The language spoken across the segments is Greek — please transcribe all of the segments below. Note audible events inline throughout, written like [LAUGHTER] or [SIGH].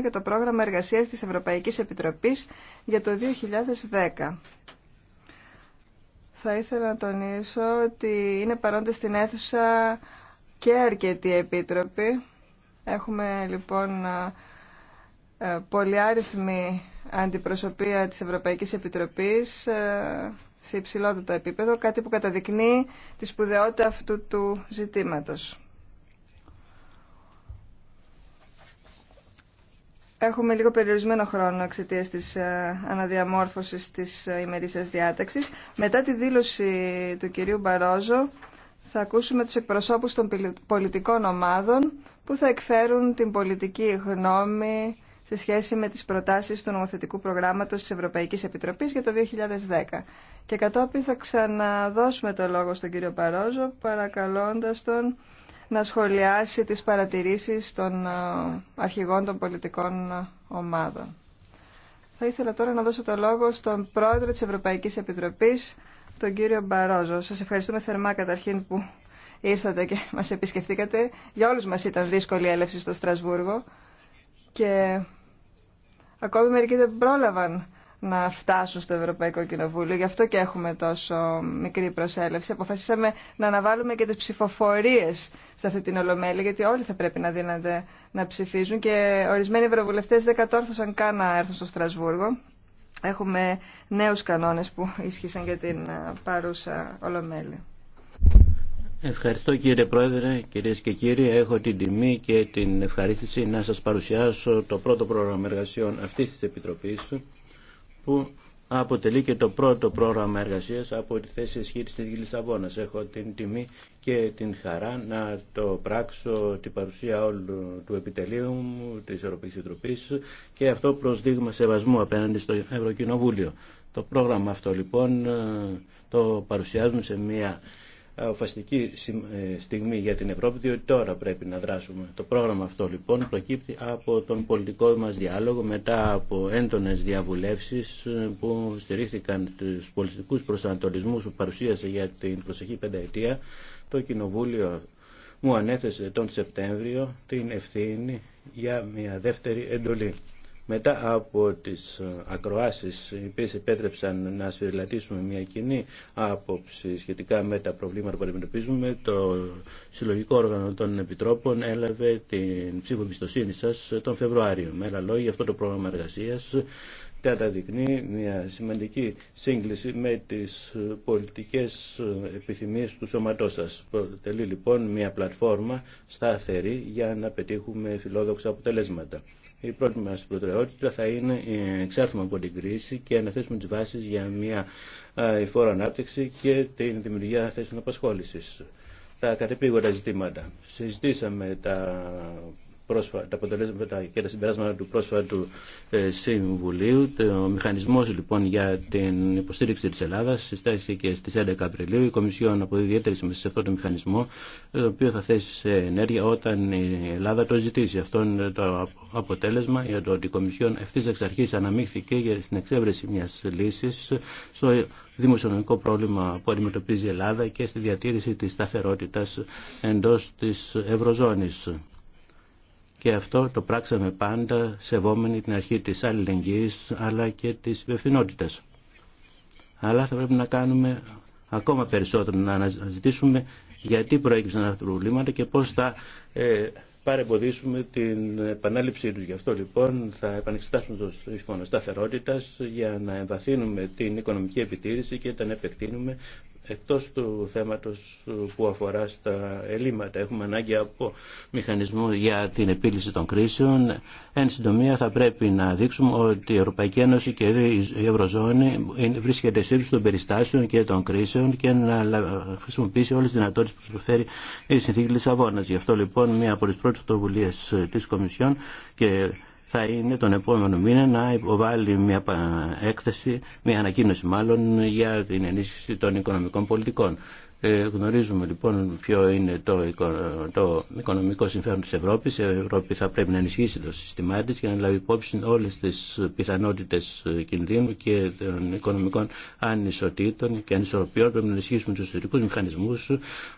και για το πρόγραμμα εργασίας της Ευρωπαϊκής Επιτροπής για το 2010. Θα ήθελα να τονίσω ότι είναι παρόντες στην αίθουσα και αρκετοί επίτροποι. Έχουμε λοιπόν πολυάριθμη αντιπροσωπεία της Ευρωπαϊκής Επιτροπής σε υψηλότερο επίπεδο, κάτι που καταδεικνύει τη σπουδαιότητα αυτού του ζητήματος. Έχουμε λίγο περιορισμένο χρόνο εξαιτία τη ε, αναδιαμόρφωση τη ε, ημερήσια διάταξη. Μετά τη δήλωση του κυρίου Μπαρόζο, θα ακούσουμε του εκπροσώπους των πολιτικών ομάδων που θα εκφέρουν την πολιτική γνώμη σε σχέση με τις προτάσεις του νομοθετικού προγράμματος της Ευρωπαϊκής Επιτροπής για το 2010. Και κατόπιν θα ξαναδώσουμε το λόγο στον κύριο Παρόζο, παρακαλώντας τον να σχολιάσει τις παρατηρήσεις των ε, αρχηγών των πολιτικών ε, ομάδων. Θα ήθελα τώρα να δώσω το λόγο στον πρόεδρο της Ευρωπαϊκής Επιτροπής, τον κύριο Μπαρόζο. Σας ευχαριστούμε θερμά καταρχήν που ήρθατε και [LAUGHS] μας επισκεφτήκατε. Για όλους μας ήταν δύσκολη η έλευση στο Στρασβούργο και ακόμη μερικοί δεν πρόλαβαν να φτάσουν στο Ευρωπαϊκό Κοινοβούλιο. Γι' αυτό και έχουμε τόσο μικρή προσέλευση. Αποφασίσαμε να αναβάλουμε και τι ψηφοφορίε σε αυτή την Ολομέλη, γιατί όλοι θα πρέπει να δίνονται να ψηφίζουν και ορισμένοι ευρωβουλευτέ δεν κατόρθωσαν καν να έρθουν στο Στρασβούργο. Έχουμε νέου κανόνε που ίσχυσαν για την παρούσα Ολομέλη. Ευχαριστώ κύριε Πρόεδρε, κυρίες και κύριοι. Έχω την τιμή και την ευχαρίστηση να σας παρουσιάσω το πρώτο πρόγραμμα εργασιών αυτής της Επιτροπής που αποτελεί και το πρώτο πρόγραμμα εργασίας από τη θέση ισχύ της Λισαβόνας. Έχω την τιμή και την χαρά να το πράξω την παρουσία όλου του επιτελείου μου, της Ευρωπαϊκής Επιτροπής και αυτό προς δείγμα σεβασμού απέναντι στο Ευρωκοινοβούλιο. Το πρόγραμμα αυτό λοιπόν ε, το παρουσιάζουμε σε μια αποφασιστική ε, στιγμή για την Ευρώπη, διότι τώρα πρέπει να δράσουμε. Το πρόγραμμα αυτό λοιπόν προκύπτει από τον πολιτικό μας διάλογο μετά από έντονες διαβουλεύσεις ε, που στηρίχθηκαν τους πολιτικούς προσανατολισμούς που παρουσίασε για την προσεχή πενταετία το Κοινοβούλιο μου ανέθεσε τον Σεπτέμβριο την ευθύνη για μια δεύτερη εντολή. Μετά από τις ε, ακροάσεις οι οποίε επέτρεψαν να σφυριλατήσουμε μια κοινή άποψη σχετικά με τα προβλήματα που αντιμετωπίζουμε, το Συλλογικό Όργανο των Επιτρόπων έλαβε την ψήφο εμπιστοσύνη σα τον Φεβρουάριο. Με άλλα λόγια, αυτό το πρόγραμμα εργασία καταδεικνύει μια σημαντική σύγκληση με τις πολιτικές επιθυμίες του σώματός σας. Προτελεί λοιπόν μια πλατφόρμα σταθερή για να πετύχουμε φιλόδοξα αποτελέσματα η πρώτη μας προτεραιότητα θα είναι ε, εξάρθουμε από την κρίση και να θέσουμε τις βάσεις για μια υφόρο ανάπτυξη και την δημιουργία θέσεων απασχόλησης. Τα κατεπήγοντα ζητήματα. Συζητήσαμε τα τα αποτελέσματα και τα συμπεράσματα του πρόσφατου ε, Συμβουλίου. Ο μηχανισμό λοιπόν για την υποστήριξη τη Ελλάδα, συστάθηκε στι 11 Απριλίου. Η Κομισιόν αποδίδει ιδιαίτερη σημασία σε αυτό το μηχανισμό, ε, το οποίο θα θέσει σε ενέργεια όταν η Ελλάδα το ζητήσει. Αυτό είναι το αποτέλεσμα για το ότι η Κομισιόν ευθύ εξ αρχή αναμίχθηκε για την εξέβρεση μια λύση στο δημοσιονομικό πρόβλημα που αντιμετωπίζει η Ελλάδα και στη διατήρηση της σταθερότητα εντό τη ευρωζώνη και αυτό το πράξαμε πάντα σεβόμενοι την αρχή της αλληλεγγύης αλλά και της υπευθυνότητα. Αλλά θα πρέπει να κάνουμε ακόμα περισσότερο, να αναζητήσουμε γιατί προέκυψαν αυτά τα προβλήματα και πώς θα ε, παρεμποδίσουμε την επανάληψή τους. Γι' αυτό λοιπόν θα επανεξετάσουμε το σύμφωνο σταθερότητα για να εμβαθύνουμε την οικονομική επιτήρηση και να επεκτείνουμε εκτός του θέματος που αφορά στα ελλείμματα. Έχουμε ανάγκη από μηχανισμού για την επίλυση των κρίσεων. Εν συντομία θα πρέπει να δείξουμε ότι η Ευρωπαϊκή Ένωση και η Ευρωζώνη βρίσκεται σύμπτωση των περιστάσεων και των κρίσεων και να χρησιμοποιήσει όλες τις δυνατότητες που προσφέρει η Συνθήκη Λισαβόνας. Γι' αυτό λοιπόν μία από τις πρώτες πρωτοβουλίες της Κομισιόν και θα είναι τον επόμενο μήνα να υποβάλει μια έκθεση, μια ανακοίνωση μάλλον για την ενίσχυση των οικονομικών πολιτικών. Ε, γνωρίζουμε λοιπόν ποιο είναι το, το οικονομικό συμφέρον της Ευρώπης. Η Ευρώπη θα πρέπει να ενισχύσει το σύστημά της για να λάβει υπόψη όλες τις πιθανότητες κινδύνου και των οικονομικών ανισοτήτων και ανισορροπιών. Πρέπει να ενισχύσουμε τους ιστορικού μηχανισμούς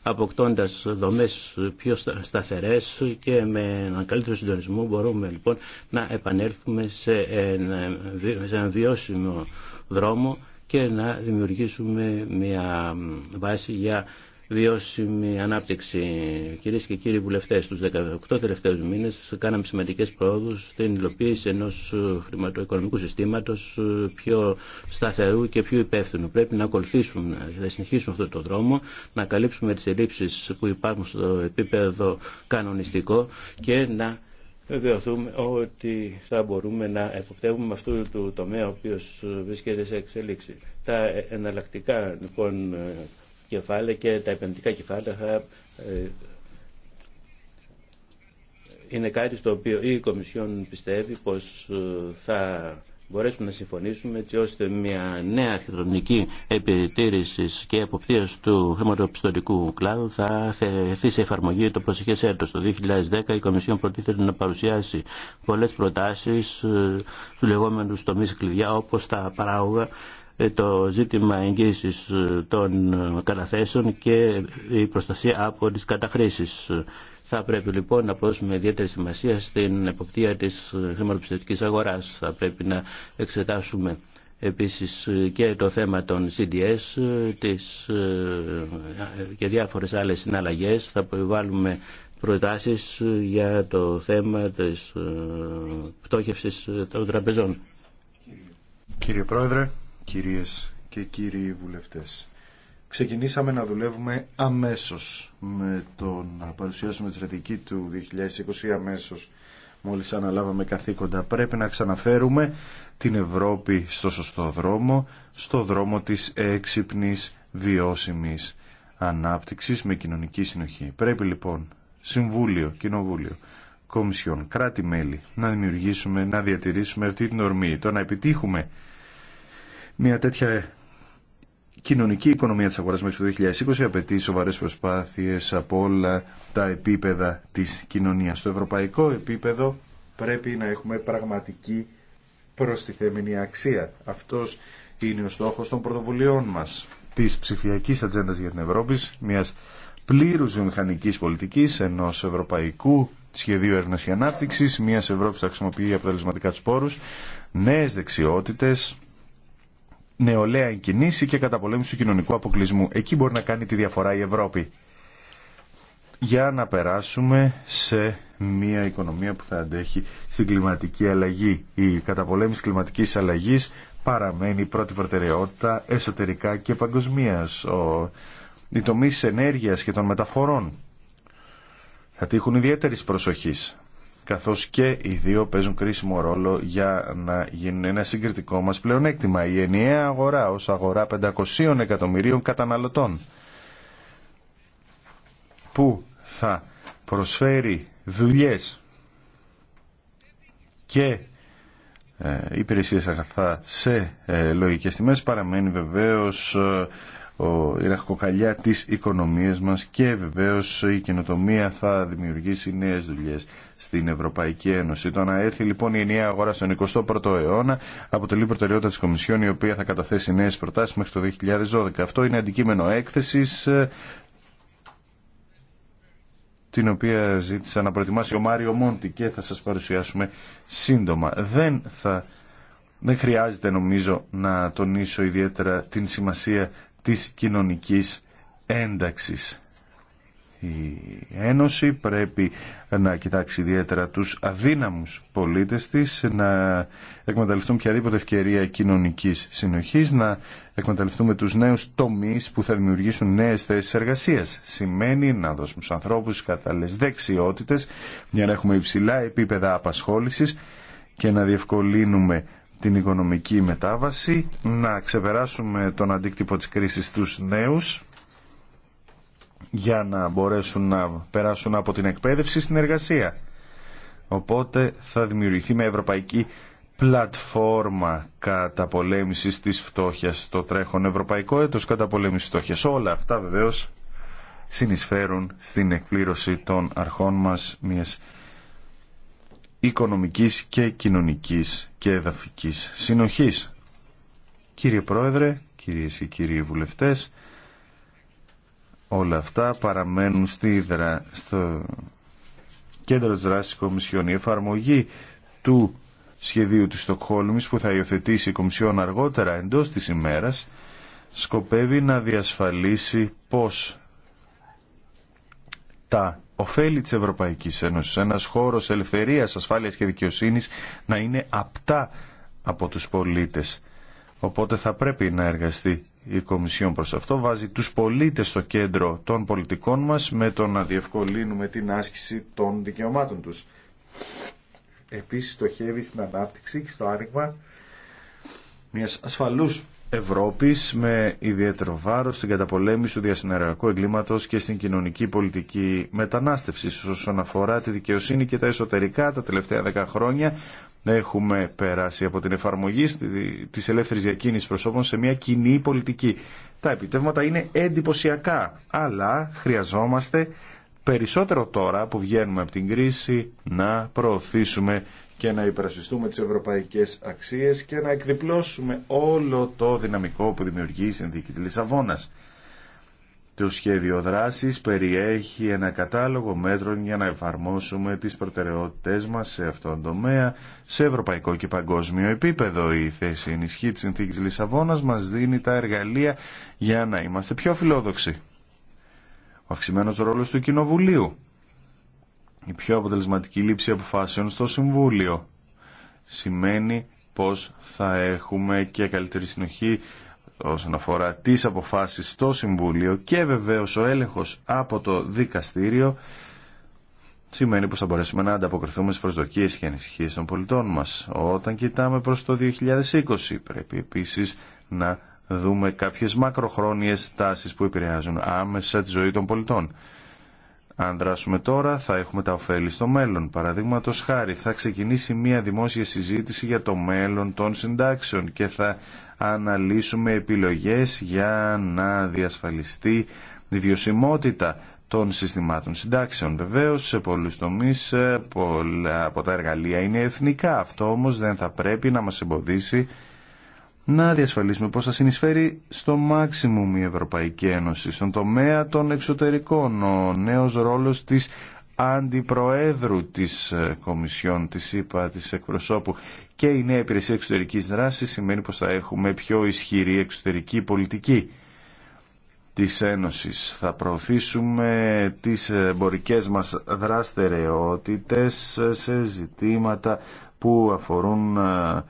αποκτώντας δομές πιο σταθερές και με έναν καλύτερο συντονισμό μπορούμε λοιπόν να επανέλθουμε σε ένα βιώσιμο δρόμο και να δημιουργήσουμε μια βάση για βιώσιμη ανάπτυξη. Κυρίε και κύριοι βουλευτέ, τους 18 τελευταίου μήνε κάναμε σημαντικέ πρόοδου στην υλοποίηση ενό χρηματοοικονομικού συστήματο πιο σταθερού και πιο υπεύθυνου. Πρέπει να ακολουθήσουν, να συνεχίσουμε αυτόν τον δρόμο, να καλύψουμε τι ελλείψεις που υπάρχουν στο επίπεδο κανονιστικό και να βεβαιωθούμε ότι θα μπορούμε να εποπτεύουμε αυτού του τομέα ο οποίο βρίσκεται σε εξελίξη. Τα εναλλακτικά λοιπόν κεφάλαια και τα επενδυτικά κεφάλαια ε, είναι κάτι στο οποίο η Κομισιόν πιστεύει πως ε, θα μπορέσουμε να συμφωνήσουμε έτσι ώστε μια νέα αρχιτεκτονική επιτήρηση και εποπτεία του χρηματοπιστωτικού κλάδου θα θεθεί σε εφαρμογή το προσεχέ έτο. Το 2010 η Κομισιόν προτίθεται να παρουσιάσει πολλέ προτάσει ε, του λεγόμενου τομεί κλειδιά όπω τα παράγωγα ε, το ζήτημα εγγύησης ε, των ε, καταθέσεων και η προστασία από τις καταχρήσεις. Θα πρέπει λοιπόν να πρόσουμε ιδιαίτερη σημασία στην εποπτεία της χρηματοπιστωτικής αγοράς. Θα πρέπει να εξετάσουμε επίσης και το θέμα των CDS και διάφορες άλλες συναλλαγές. Θα προβάλλουμε προτάσεις για το θέμα της πτώχευσης των τραπεζών. Κύριε Πρόεδρε κυρίες και κύριοι βουλευτές. Ξεκινήσαμε να δουλεύουμε αμέσως με το να παρουσιάσουμε τη στρατηγική του 2020 αμέσως μόλις αναλάβαμε καθήκοντα. Πρέπει να ξαναφέρουμε την Ευρώπη στο σωστό δρόμο, στο δρόμο της έξυπνης βιώσιμης ανάπτυξης με κοινωνική συνοχή. Πρέπει λοιπόν Συμβούλιο, Κοινοβούλιο, Κομισιόν, κράτη-μέλη να δημιουργήσουμε, να διατηρήσουμε αυτή την ορμή. Το να επιτύχουμε μια τέτοια κοινωνική οικονομία της αγοράς μέχρι το 2020 απαιτεί σοβαρές προσπάθειες από όλα τα επίπεδα της κοινωνίας. Στο ευρωπαϊκό επίπεδο πρέπει να έχουμε πραγματική προστιθέμενη αξία. Αυτός είναι ο στόχος των πρωτοβουλειών μας της ψηφιακής ατζέντας για την Ευρώπη, μιας πλήρους βιομηχανικής πολιτικής, ενός ευρωπαϊκού σχεδίου έρευνα και ανάπτυξη, μιας Ευρώπης που θα χρησιμοποιεί αποτελεσματικά του πόρου, νέε δεξιότητες, νεολαία εγκινήσει και καταπολέμηση του κοινωνικού αποκλεισμού. Εκεί μπορεί να κάνει τη διαφορά η Ευρώπη. Για να περάσουμε σε μια οικονομία που θα αντέχει στην κλιματική αλλαγή. Η καταπολέμηση κλιματικής αλλαγής παραμένει πρώτη προτεραιότητα εσωτερικά και παγκοσμίας. Ο... Οι τομείς ενέργειας και των μεταφορών θα τύχουν ιδιαίτερης προσοχής καθώς και οι δύο παίζουν κρίσιμο ρόλο για να γίνουν ένα συγκριτικό μας πλεονέκτημα. Η ενιαία αγορά ως αγορά 500 εκατομμυρίων καταναλωτών που θα προσφέρει δουλειές και ε, υπηρεσίες αγαθά σε ε, λογικές τιμές παραμένει βεβαίως ε, η ραχοκοκαλιά της οικονομίας μας και βεβαίως η καινοτομία θα δημιουργήσει νέες δουλειές στην Ευρωπαϊκή Ένωση. Το να έρθει λοιπόν η ενιαία αγορά στον 21ο αιώνα αποτελεί προτεραιότητα της Κομισιόν η οποία θα καταθέσει νέες προτάσεις μέχρι το 2012. Αυτό είναι αντικείμενο έκθεσης ε, την οποία ζήτησα να προετοιμάσει ο Μάριο Μόντι και θα σας παρουσιάσουμε σύντομα. Δεν θα... Δεν χρειάζεται νομίζω να τονίσω ιδιαίτερα την σημασία της κοινωνικής ένταξης. Η Ένωση πρέπει να κοιτάξει ιδιαίτερα τους αδύναμους πολίτες της, να εκμεταλλευτούν οποιαδήποτε ευκαιρία κοινωνικής συνοχής, να εκμεταλλευτούμε τους νέους τομείς που θα δημιουργήσουν νέες θέσεις εργασίας. Σημαίνει να δώσουμε στους ανθρώπους κατάλληλες δεξιότητες για να έχουμε υψηλά επίπεδα απασχόλησης και να διευκολύνουμε την οικονομική μετάβαση, να ξεπεράσουμε τον αντίκτυπο της κρίσης τους νέους για να μπορέσουν να περάσουν από την εκπαίδευση στην εργασία. Οπότε θα δημιουργηθεί μια ευρωπαϊκή πλατφόρμα καταπολέμησης της φτώχειας στο τρέχον ευρωπαϊκό έτος καταπολέμησης φτώχειας. Όλα αυτά βεβαίως συνεισφέρουν στην εκπλήρωση των αρχών μας μιας οικονομικής και κοινωνικής και εδαφικής συνοχής. Κύριε Πρόεδρε, κυρίες και κύριοι βουλευτές, όλα αυτά παραμένουν στο κέντρο της δράσης Κομισιόν. Η εφαρμογή του σχεδίου της Στοκχόλμης που θα υιοθετήσει η Κομισιόν αργότερα εντός της ημέρας σκοπεύει να διασφαλίσει πως τα Οφέλη της Ευρωπαϊκής Ένωσης, ένας χώρος ελευθερίας, ασφάλειας και δικαιοσύνης να είναι απτά από τους πολίτες. Οπότε θα πρέπει να εργαστεί η Κομισιόν προς αυτό. Βάζει τους πολίτες στο κέντρο των πολιτικών μας με το να διευκολύνουμε την άσκηση των δικαιωμάτων τους. Επίσης στοχεύει στην ανάπτυξη και στο άνοιγμα μιας ασφαλούς Ευρώπης με ιδιαίτερο βάρος στην καταπολέμηση του διασυναριακού εγκλήματος και στην κοινωνική πολιτική μετανάστευση όσον αφορά τη δικαιοσύνη και τα εσωτερικά τα τελευταία δέκα χρόνια έχουμε περάσει από την εφαρμογή της ελεύθερης διακίνησης προσώπων σε μια κοινή πολιτική. Τα επιτεύγματα είναι εντυπωσιακά, αλλά χρειαζόμαστε περισσότερο τώρα που βγαίνουμε από την κρίση να προωθήσουμε και να υπερασπιστούμε τις ευρωπαϊκές αξίες και να εκδιπλώσουμε όλο το δυναμικό που δημιουργεί η Συνθήκη της Λισαβόνας. Το σχέδιο δράσης περιέχει ένα κατάλογο μέτρων για να εφαρμόσουμε τις προτεραιότητές μας σε αυτόν τον τομέα, σε ευρωπαϊκό και παγκόσμιο επίπεδο. Η θέση ενισχύ της Συνθήκης Λισαβόνας μας δίνει τα εργαλεία για να είμαστε πιο φιλόδοξοι. Ο αυξημένος ρόλος του Κοινοβουλίου η πιο αποτελεσματική λήψη αποφάσεων στο Συμβούλιο. Σημαίνει πως θα έχουμε και καλύτερη συνοχή όσον αφορά τις αποφάσεις στο Συμβούλιο και βεβαίως ο έλεγχος από το δικαστήριο σημαίνει πως θα μπορέσουμε να ανταποκριθούμε στις προσδοκίες και ανησυχίες των πολιτών μας. Όταν κοιτάμε προς το 2020 πρέπει επίσης να δούμε κάποιες μακροχρόνιες τάσεις που επηρεάζουν άμεσα τη ζωή των πολιτών. Αν δράσουμε τώρα θα έχουμε τα ωφέλη στο μέλλον. Παραδείγματο χάρη θα ξεκινήσει μια δημόσια συζήτηση για το μέλλον των συντάξεων και θα αναλύσουμε επιλογές για να διασφαλιστεί η βιωσιμότητα των συστημάτων συντάξεων. Βεβαίω, σε πολλού τομεί ε, πολλά από τα εργαλεία είναι εθνικά. Αυτό όμω δεν θα πρέπει να μα εμποδίσει να διασφαλίσουμε πώς θα συνεισφέρει στο μάξιμουμ η Ευρωπαϊκή Ένωση στον τομέα των εξωτερικών. Ο νέος ρόλος της αντιπροέδρου της ε, Κομισιόν, της ΥΠΑ, της εκπροσώπου και η νέα υπηρεσία εξωτερικής δράσης σημαίνει πως θα έχουμε πιο ισχυρή εξωτερική πολιτική της Ένωσης. Θα προωθήσουμε τις εμπορικές μας δράστερεότητες σε ζητήματα που αφορούν ε,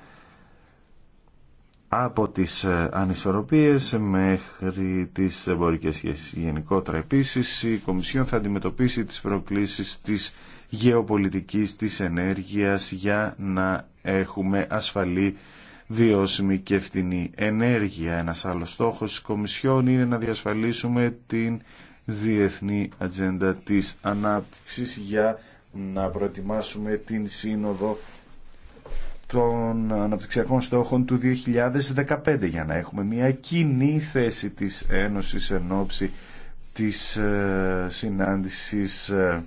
από τις ε, ανισορροπίες μέχρι τις εμπορικές σχέσεις. Γενικότερα επίσης η Κομισιόν θα αντιμετωπίσει τις προκλήσεις της γεωπολιτικής, της ενέργειας για να έχουμε ασφαλή βιώσιμη και φτηνή ενέργεια. Ένας άλλος στόχος της Κομισιόν είναι να διασφαλίσουμε την διεθνή ατζέντα της ανάπτυξης για να προετοιμάσουμε την σύνοδο των αναπτυξιακών στόχων του 2015 για να έχουμε μια κοινή θέση της Ένωσης εν ώψη της ε, συνάντησης ε,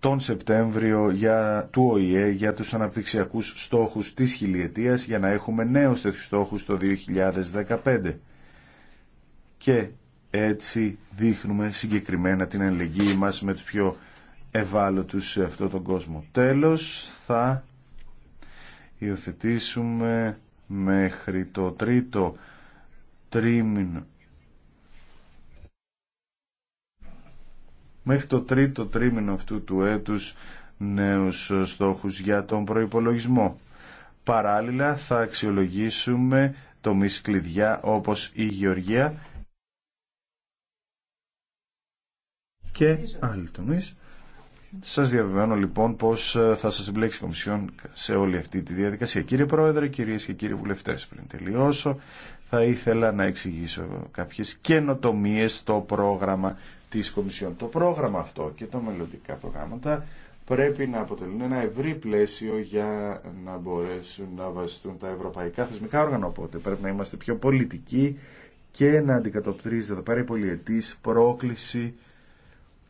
τον Σεπτέμβριο για, του ΟΗΕ για τους αναπτυξιακούς στόχους της χιλιετίας για να έχουμε νέους τέτοιους στόχους το 2015. Και έτσι δείχνουμε συγκεκριμένα την αλληλεγγύη μας με τους πιο ευάλωτους σε αυτόν τον κόσμο. Τέλος, θα υιοθετήσουμε μέχρι το τρίτο τρίμηνο μέχρι το τρίτο τρίμηνο αυτού του έτους νέους στόχους για τον προϋπολογισμό. Παράλληλα θα αξιολογήσουμε το κλειδιά όπως η Γεωργία και άλλοι τομείς σας διαβεβαιώνω λοιπόν πως ε, θα σας εμπλέξει η Κομισιόν σε όλη αυτή τη διαδικασία. Κύριε Πρόεδρε, κυρίες και κύριοι βουλευτές, πριν τελειώσω, θα ήθελα να εξηγήσω κάποιες καινοτομίε στο πρόγραμμα της Κομισιόν. Το πρόγραμμα αυτό και τα μελλοντικά προγράμματα πρέπει να αποτελούν ένα ευρύ πλαίσιο για να μπορέσουν να βασιστούν τα ευρωπαϊκά θεσμικά όργανα. Οπότε πρέπει να είμαστε πιο πολιτικοί και να αντικατοπτρίζεται εδώ πέρα η πρόκληση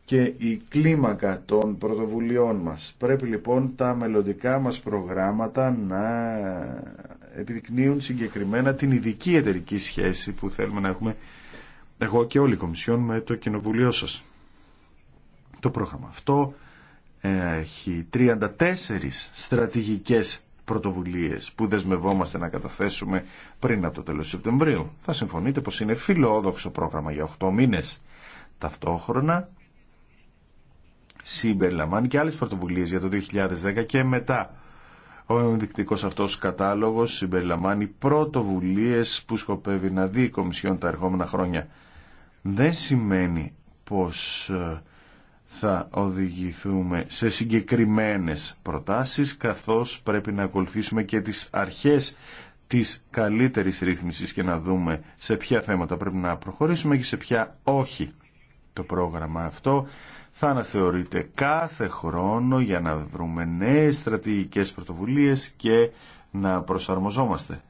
και η κλίμακα των πρωτοβουλειών μας. Πρέπει λοιπόν τα μελλοντικά μας προγράμματα να επιδεικνύουν συγκεκριμένα την ειδική εταιρική σχέση που θέλουμε να έχουμε εγώ και όλοι οι Κομισιόν με το Κοινοβουλίο σας. Το πρόγραμμα αυτό έχει 34 στρατηγικές πρωτοβουλίες που δεσμευόμαστε να καταθέσουμε πριν από το τέλος Σεπτεμβρίου. Θα συμφωνείτε πως είναι φιλόδοξο πρόγραμμα για 8 μήνες. Ταυτόχρονα συμπεριλαμβάνει και άλλες πρωτοβουλίες για το 2010 και μετά. Ο ενδεικτικός αυτός κατάλογος συμπεριλαμβάνει πρωτοβουλίες που σκοπεύει να δει η Κομισιόν τα ερχόμενα χρόνια. Δεν σημαίνει πως ε, θα οδηγηθούμε σε συγκεκριμένες προτάσεις καθώς πρέπει να ακολουθήσουμε και τις αρχές της καλύτερης ρύθμισης και να δούμε σε ποια θέματα πρέπει να προχωρήσουμε και σε ποια όχι το πρόγραμμα αυτό θα αναθεωρείται κάθε χρόνο για να βρούμε νέες στρατηγικές πρωτοβουλίες και να προσαρμοζόμαστε.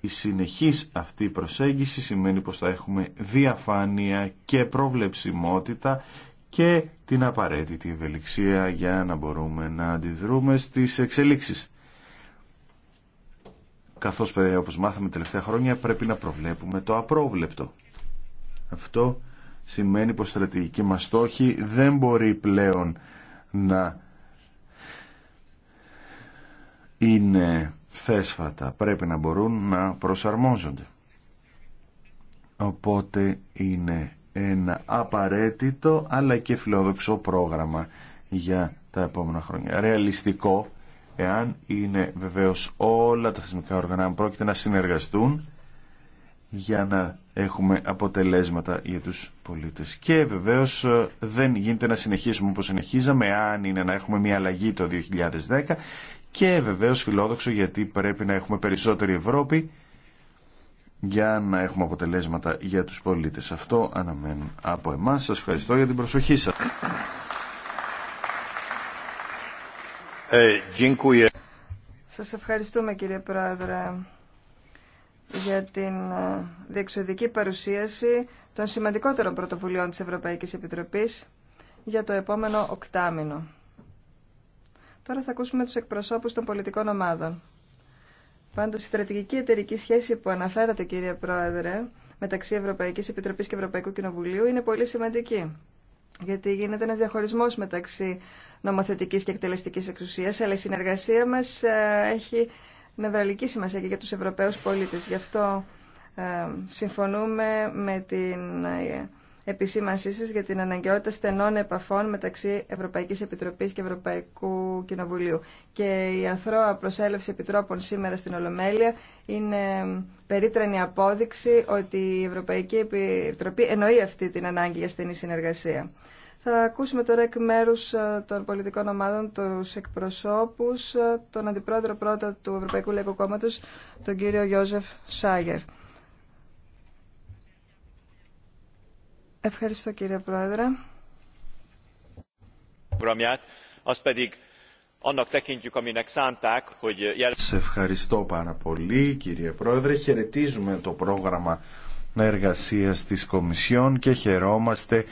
Η συνεχής αυτή προσέγγιση σημαίνει πως θα έχουμε διαφάνεια και προβλεψιμότητα και την απαραίτητη ευελιξία για να μπορούμε να αντιδρούμε στις εξελίξεις. Καθώς, όπως μάθαμε τελευταία χρόνια, πρέπει να προβλέπουμε το απρόβλεπτο. Αυτό σημαίνει πως στρατηγική μας στόχη δεν μπορεί πλέον να είναι θέσφατα. Πρέπει να μπορούν να προσαρμόζονται. Οπότε είναι ένα απαραίτητο αλλά και φιλοδοξό πρόγραμμα για τα επόμενα χρόνια. Ρεαλιστικό, εάν είναι βεβαίως όλα τα θεσμικά οργανά πρόκειται να συνεργαστούν για να έχουμε αποτελέσματα για τους πολίτες. Και βεβαίως ε, δεν γίνεται να συνεχίσουμε όπως συνεχίζαμε, αν είναι να έχουμε μια αλλαγή το 2010 και βεβαίως φιλόδοξο γιατί πρέπει να έχουμε περισσότερη Ευρώπη για να έχουμε αποτελέσματα για τους πολίτες. Αυτό αναμένουν από εμάς. Σας ευχαριστώ για την προσοχή σας. Ε, σας ευχαριστούμε κύριε Πρόεδρε για την ε, διεξοδική παρουσίαση των σημαντικότερων πρωτοβουλειών της Ευρωπαϊκής Επιτροπής για το επόμενο οκτάμινο. Τώρα θα ακούσουμε τους εκπροσώπους των πολιτικών ομάδων. Πάντως, η στρατηγική εταιρική σχέση που αναφέρατε, κύριε Πρόεδρε, μεταξύ Ευρωπαϊκής Επιτροπής και Ευρωπαϊκού Κοινοβουλίου είναι πολύ σημαντική. Γιατί γίνεται ένας διαχωρισμός μεταξύ νομοθετικής και εκτελεστικής εξουσίας, αλλά η συνεργασία μας ε, έχει νευραλική σημασία και για τους Ευρωπαίους πολίτες. Γι' αυτό ε, συμφωνούμε με την ε, επισήμασή σας για την αναγκαιότητα στενών επαφών μεταξύ Ευρωπαϊκής Επιτροπής και Ευρωπαϊκού Κοινοβουλίου. Και η αθρώα προσέλευση επιτρόπων σήμερα στην Ολομέλεια είναι περίτρανη απόδειξη ότι η Ευρωπαϊκή Επιτροπή εννοεί αυτή την ανάγκη για στενή συνεργασία. Θα ακούσουμε τώρα εκ μέρου ε, των πολιτικών ομάδων του εκπροσώπου ε, τον αντιπρόεδρο πρώτα του Ευρωπαϊκού Λαϊκού Κόμματο, τον κύριο Γιώζεφ Σάγερ. Ευχαριστώ κύριε Πρόεδρε. Σε ευχαριστώ πάρα πολύ κύριε Πρόεδρε. Χαιρετίζουμε το πρόγραμμα εργασίας της Κομισιόν και χαιρόμαστε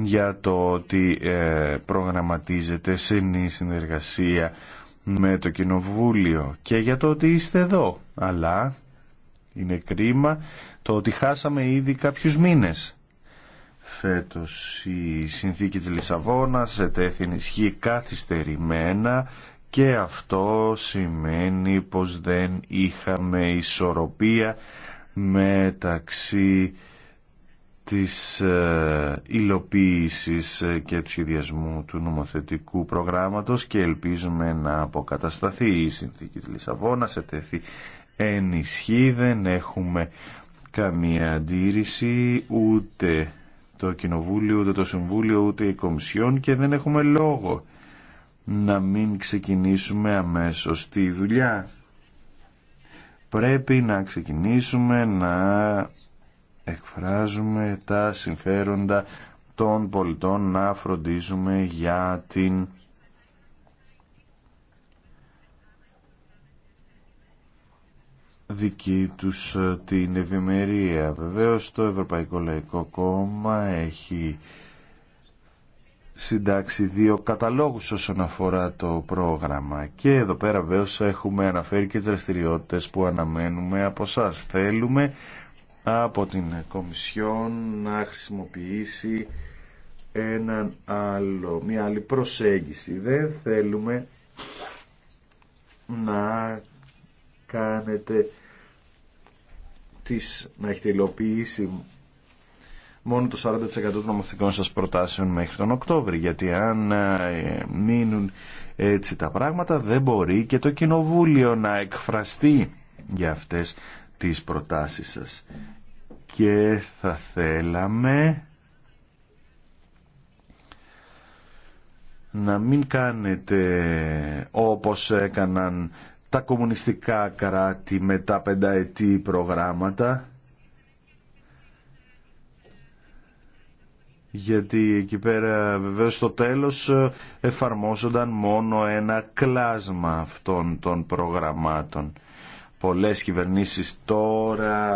για το ότι ε, προγραμματίζεται συνεργασία με το Κοινοβούλιο και για το ότι είστε εδώ. Αλλά είναι κρίμα το ότι χάσαμε ήδη κάποιους μήνες. Φέτος η συνθήκη της Λισαβόνας έτεθην ισχύει καθυστερημένα και αυτό σημαίνει πως δεν είχαμε ισορροπία μεταξύ της ε, υλοποίησης ε, και του σχεδιασμού του νομοθετικού προγράμματος και ελπίζουμε να αποκατασταθεί η συνθήκη της Λισαβόνας, τέθη ενισχύ, δεν έχουμε καμία αντίρρηση ούτε το Κοινοβούλιο, ούτε το Συμβούλιο, ούτε η Κομισιόν και δεν έχουμε λόγο να μην ξεκινήσουμε αμέσως τη δουλειά. Πρέπει να ξεκινήσουμε να εκφράζουμε τα συμφέροντα των πολιτών να φροντίζουμε για την δική τους ε, την ευημερία. Βεβαίως το Ευρωπαϊκό Λαϊκό Κόμμα έχει συντάξει δύο καταλόγους όσον αφορά το πρόγραμμα και εδώ πέρα βέβαια έχουμε αναφέρει και τις δραστηριότητες που αναμένουμε από σας. Θέλουμε από την Κομισιόν να χρησιμοποιήσει έναν άλλο, μια άλλη προσέγγιση. Δεν θέλουμε να κάνετε τις, να έχετε υλοποιήσει μόνο το 40% των νομοθετικών σας προτάσεων μέχρι τον Οκτώβρη, γιατί αν ε, μείνουν έτσι τα πράγματα δεν μπορεί και το Κοινοβούλιο να εκφραστεί για αυτές τις προτάσεις σας και θα θέλαμε να μην κάνετε όπως έκαναν τα κομμουνιστικά κράτη με τα πενταετή προγράμματα γιατί εκεί πέρα βεβαίως στο τέλος εφαρμόζονταν μόνο ένα κλάσμα αυτών των προγραμμάτων. Πολλές κυβερνήσεις τώρα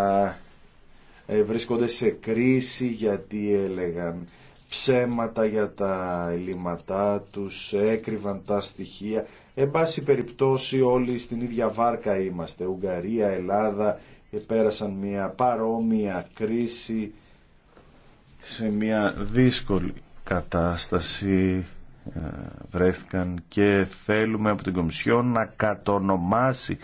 ε, βρίσκονται σε κρίση γιατί έλεγαν ψέματα για τα ελλείμματά τους, έκρυβαν τα στοιχεία. Εν πάση περιπτώσει όλοι στην ίδια βάρκα είμαστε. Ουγγαρία, Ελλάδα ε, πέρασαν μια παρόμοια κρίση σε μια δύσκολη κατάσταση ε, βρέθηκαν και θέλουμε από την Κομισιό να κατονομάσει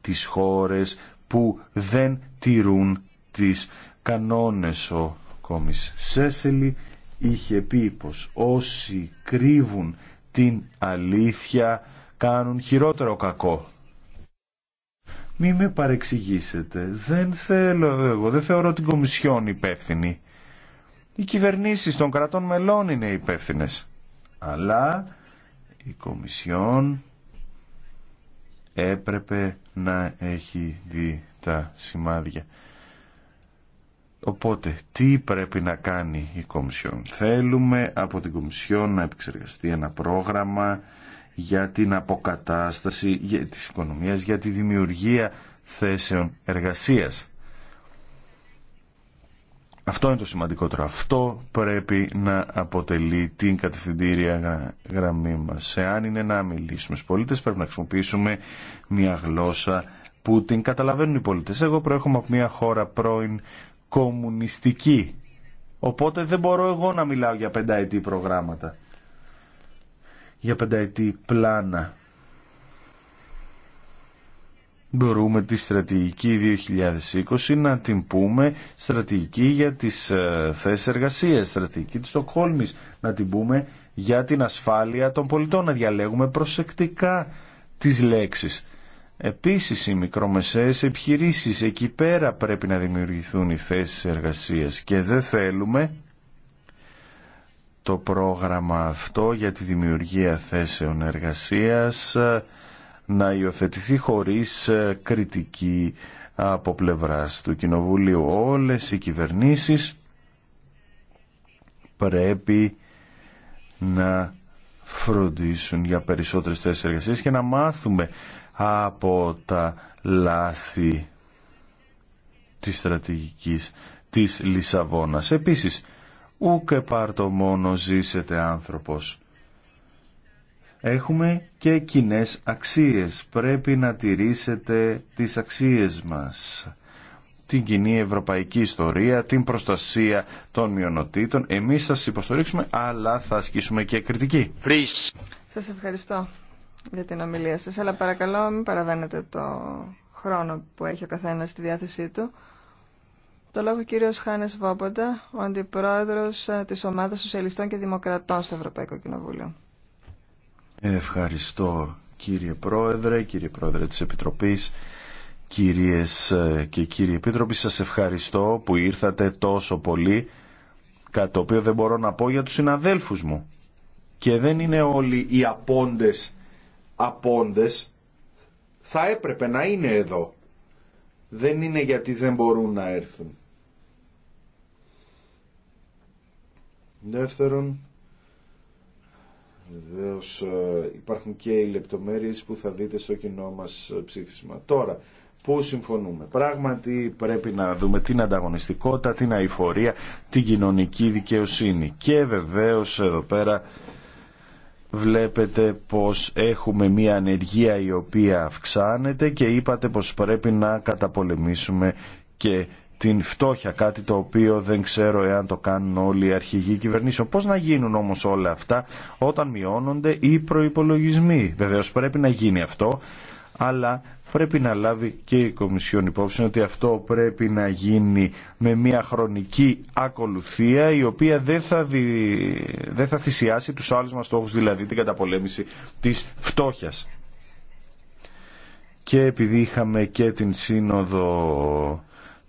τις χώρες που δεν τηρούν τις κανόνες ο Κόμις Σέσελη είχε πει πως όσοι κρύβουν την αλήθεια κάνουν χειρότερο κακό. Μη με παρεξηγήσετε. Δεν θέλω εγώ, δεν θεωρώ την Κομισιόν υπεύθυνη. Οι κυβερνήσεις των κρατών μελών είναι υπεύθυνε. Αλλά η Κομισιόν έπρεπε να έχει δει τα σημάδια. Οπότε, τι πρέπει να κάνει η Κομισιόν. Θέλουμε από την Κομισιόν να επεξεργαστεί ένα πρόγραμμα για την αποκατάσταση της οικονομίας, για τη δημιουργία θέσεων εργασίας. Αυτό είναι το σημαντικότερο. Αυτό πρέπει να αποτελεί την κατευθυντήρια γραμμή μας. Εάν είναι να μιλήσουμε στους πολίτες, πρέπει να χρησιμοποιήσουμε μια γλώσσα που την καταλαβαίνουν οι πολίτες. Εγώ προέρχομαι από μια χώρα πρώην κομμουνιστική. Οπότε δεν μπορώ εγώ να μιλάω για πενταετή προγράμματα. Για πενταετή πλάνα. Μπορούμε τη στρατηγική 2020 να την πούμε στρατηγική για τις ε, θέσεις εργασίας, στρατηγική της Στοκχόλμης, να την πούμε για την ασφάλεια των πολιτών, να διαλέγουμε προσεκτικά τις λέξεις. Επίσης οι μικρομεσαίες επιχειρήσεις, εκεί πέρα πρέπει να δημιουργηθούν οι θέσεις εργασίας και δεν θέλουμε το πρόγραμμα αυτό για τη δημιουργία θέσεων εργασίας να υιοθετηθεί χωρίς ε, κριτική από πλευράς του Κοινοβουλίου. Όλες οι κυβερνήσεις πρέπει να φροντίσουν για περισσότερες θέσεις εργασίας και να μάθουμε από τα λάθη της στρατηγικής της Λισαβόνας. Επίσης, ούκε πάρτο μόνο ζήσετε άνθρωπος. Έχουμε και κοινέ αξίες. Πρέπει να τηρήσετε τις αξίες μας. Την κοινή ευρωπαϊκή ιστορία, την προστασία των μειονοτήτων. Εμείς θα σας υποστηρίξουμε, αλλά θα ασκήσουμε και κριτική. Please. Σας ευχαριστώ για την ομιλία σας, αλλά παρακαλώ μην παραβαίνετε το χρόνο που έχει ο καθένας στη διάθεσή του. Το λόγο κύριος Χάνες Βόποντα, ο αντιπρόεδρος ε, της Ομάδας Σοσιαλιστών και Δημοκρατών στο Ευρωπαϊκό Κοινοβούλιο. Ευχαριστώ κύριε Πρόεδρε, κύριε Πρόεδρε της Επιτροπής, κυρίες ε, και κύριοι Επίτροποι. Σας ευχαριστώ που ήρθατε τόσο πολύ, κάτι το οποίο δεν μπορώ να πω για τους συναδέλφου μου. Και δεν είναι όλοι οι απόντες απόντες θα έπρεπε να είναι εδώ. Δεν είναι γιατί δεν μπορούν να έρθουν. Δεύτερον, βεβαίω ε, υπάρχουν και οι λεπτομέρειες που θα δείτε στο κοινό μας ψήφισμα. Τώρα, πού συμφωνούμε. Πράγματι πρέπει να δούμε την ανταγωνιστικότητα, την αηφορία, την κοινωνική δικαιοσύνη. Και βεβαίως εδώ πέρα βλέπετε πως έχουμε μια ανεργία η οποία αυξάνεται και είπατε πως πρέπει να καταπολεμήσουμε και την φτώχεια, κάτι το οποίο δεν ξέρω εάν το κάνουν όλοι οι αρχηγοί κυβερνήσεων. Πώς να γίνουν όμως όλα αυτά όταν μειώνονται οι προϋπολογισμοί. Βεβαίως πρέπει να γίνει αυτό, αλλά πρέπει να λάβει και η Κομισιόν υπόψη ότι αυτό πρέπει να γίνει με μια χρονική ακολουθία η οποία δεν θα, θυσιάσει τους άλλους μας στόχους, δηλαδή την καταπολέμηση της φτώχειας. Και επειδή είχαμε και την σύνοδο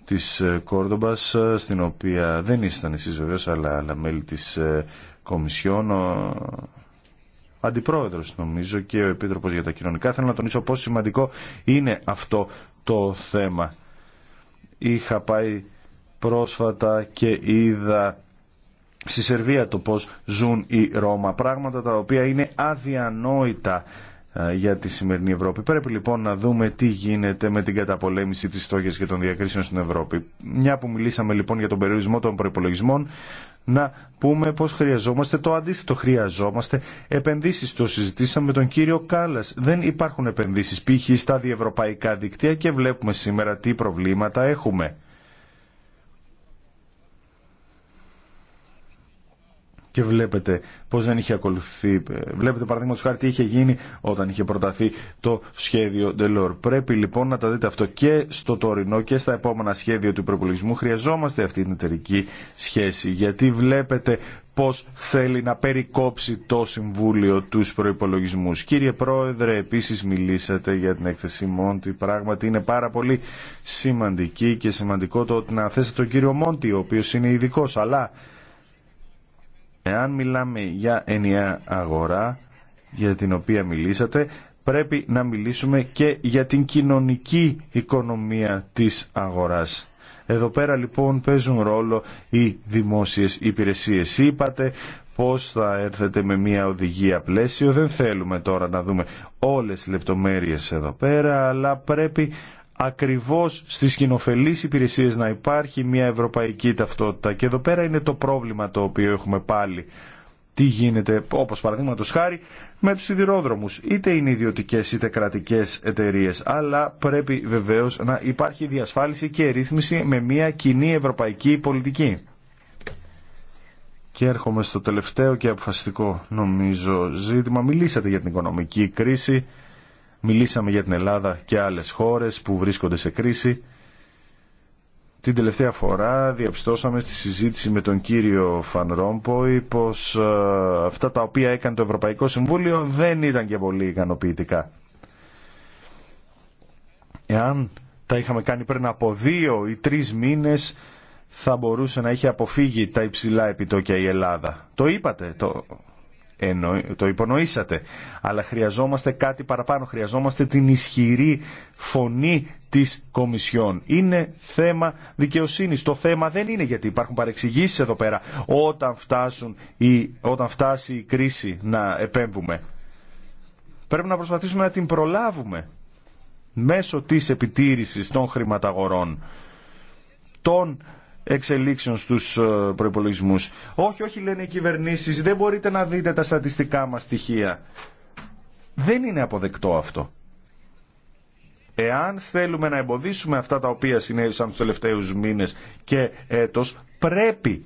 της Κόρδομπας, στην οποία δεν ήσταν εσείς βεβαίως, αλλά, αλλά μέλη της ε, Κομισιόν, Αντιπρόεδρο νομίζω και ο επίτροπο για τα Κοινωνικά. Θέλω να τονίσω πόσο σημαντικό είναι αυτό το θέμα. Είχα πάει πρόσφατα και είδα στη Σερβία το πώς ζουν οι Ρώμα. Πράγματα τα οποία είναι αδιανόητα ε, για τη σημερινή Ευρώπη. Πρέπει λοιπόν να δούμε τι γίνεται με την καταπολέμηση της στόχης και των διακρίσεων στην Ευρώπη. Μια που μιλήσαμε λοιπόν για τον περιορισμό των προϋπολογισμών, να πούμε πώς χρειαζόμαστε το αντίθετο. Χρειαζόμαστε επενδύσεις. Το συζητήσαμε με τον κύριο Κάλλας. Δεν υπάρχουν επενδύσεις π.χ. στα διευρωπαϊκά δικτύα και βλέπουμε σήμερα τι προβλήματα έχουμε. και βλέπετε πώ δεν είχε ακολουθεί. Ε, βλέπετε παραδείγματο χάρη τι είχε γίνει όταν είχε προταθεί το σχέδιο Delors. Πρέπει λοιπόν να τα δείτε αυτό και στο τωρινό και στα επόμενα σχέδια του προπολογισμού. Χρειαζόμαστε αυτή την εταιρική σχέση γιατί βλέπετε πώ θέλει να περικόψει το Συμβούλιο του προπολογισμού. Κύριε Πρόεδρε, επίση μιλήσατε για την έκθεση Μόντι. Πράγματι είναι πάρα πολύ σημαντική και σημαντικό το να θέσετε τον κύριο Μόντι, ο οποίο είναι ειδικό, αλλά Εάν μιλάμε για ενιαία αγορά, για την οποία μιλήσατε, πρέπει να μιλήσουμε και για την κοινωνική οικονομία της αγοράς. Εδώ πέρα λοιπόν παίζουν ρόλο οι δημόσιες υπηρεσίες. Είπατε πώς θα έρθετε με μια οδηγία πλαίσιο. Δεν θέλουμε τώρα να δούμε όλες τις λεπτομέρειες εδώ πέρα, αλλά πρέπει ακριβώς στις κοινοφελείς υπηρεσίες να υπάρχει μια ευρωπαϊκή ταυτότητα. Και εδώ πέρα είναι το πρόβλημα το οποίο έχουμε πάλι. Τι γίνεται, όπως παραδείγματο χάρη, με τους σιδηρόδρομους. Είτε είναι ιδιωτικές είτε κρατικές εταιρείε. Αλλά πρέπει βεβαίως να υπάρχει διασφάλιση και ρύθμιση με μια κοινή ευρωπαϊκή πολιτική. Και έρχομαι στο τελευταίο και αποφασιστικό νομίζω ζήτημα. Μιλήσατε για την οικονομική κρίση Μιλήσαμε για την Ελλάδα και άλλες χώρες που βρίσκονται σε κρίση. Την τελευταία φορά διαπιστώσαμε στη συζήτηση με τον κύριο Φαν Ρόμποϊ πως ε, αυτά τα οποία έκανε το Ευρωπαϊκό Συμβούλιο δεν ήταν και πολύ ικανοποιητικά. Εάν τα είχαμε κάνει πριν από δύο ή τρεις μήνες θα μπορούσε να είχε αποφύγει τα υψηλά επιτόκια η Ελλάδα. Το είπατε, το το υπονοήσατε. Αλλά χρειαζόμαστε κάτι παραπάνω. Χρειαζόμαστε την ισχυρή φωνή της Κομισιόν. Είναι θέμα δικαιοσύνης. Το θέμα δεν είναι γιατί υπάρχουν παρεξηγήσεις εδώ πέρα όταν, φτάσουν η, όταν φτάσει η κρίση να επέμβουμε. Πρέπει να προσπαθήσουμε να την προλάβουμε μέσω της επιτήρησης των χρηματαγορών, των εξελίξεων στου ε, προπολογισμού. Όχι, όχι λένε οι κυβερνήσεις, δεν μπορείτε να δείτε τα στατιστικά μα στοιχεία. Δεν είναι αποδεκτό αυτό. Εάν θέλουμε να εμποδίσουμε αυτά τα οποία συνέβησαν τους τελευταίους μήνες και έτος, πρέπει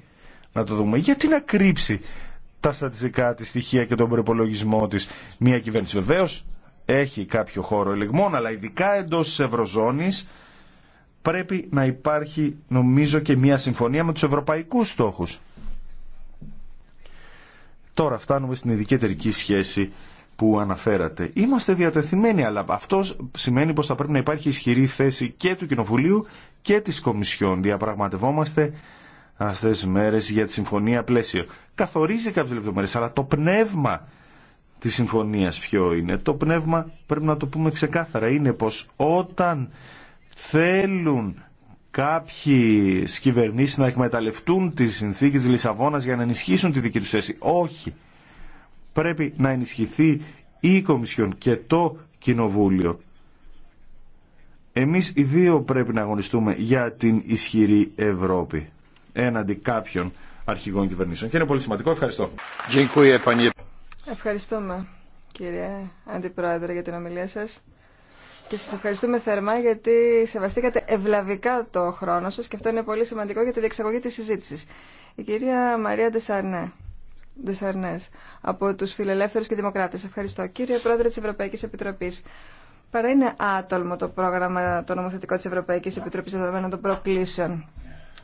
να το δούμε. Γιατί να κρύψει τα στατιστικά, τη στοιχεία και τον προπολογισμό τη μια κυβέρνηση. Βεβαίω έχει κάποιο χώρο ελιγμών, αλλά ειδικά εντός της Ευρωζώνης πρέπει να υπάρχει νομίζω και μια συμφωνία με τους ευρωπαϊκούς στόχους. Τώρα φτάνουμε στην ειδική σχέση που αναφέρατε. Είμαστε διατεθειμένοι, αλλά αυτό σημαίνει πως θα πρέπει να υπάρχει ισχυρή θέση και του Κοινοβουλίου και της Κομισιόν. Διαπραγματευόμαστε αυτές τις μέρες για τη Συμφωνία Πλαίσιο. Καθορίζει κάποιες λεπτομέρειες, αλλά το πνεύμα της Συμφωνίας ποιο είναι. Το πνεύμα πρέπει να το πούμε ξεκάθαρα. Είναι πως όταν θέλουν κάποιοι κυβερνήσει να εκμεταλλευτούν τις συνθήκες της Λισαβόνας για να ενισχύσουν τη δική τους θέση. Όχι. Πρέπει να ενισχυθεί η Κομισιόν και το Κοινοβούλιο. Εμείς οι δύο πρέπει να αγωνιστούμε για την ισχυρή Ευρώπη έναντι κάποιων αρχηγών κυβερνήσεων. Και είναι πολύ σημαντικό. Ευχαριστώ. Ευχαριστούμε κύριε Αντιπρόεδρε για την ομιλία σας και σας ευχαριστούμε θερμά γιατί σεβαστήκατε ευλαβικά το χρόνο σας και αυτό είναι πολύ σημαντικό για τη διεξαγωγή της συζήτησης. Η κυρία Μαρία Ντεσαρνέ. από τους φιλελεύθερους και δημοκράτες. Ευχαριστώ. Κύριε Πρόεδρε της Ευρωπαϊκής Επιτροπής, παρά είναι άτολμο το πρόγραμμα το νομοθετικό της Ευρωπαϊκής Επιτροπής δεδομένων των προκλήσεων.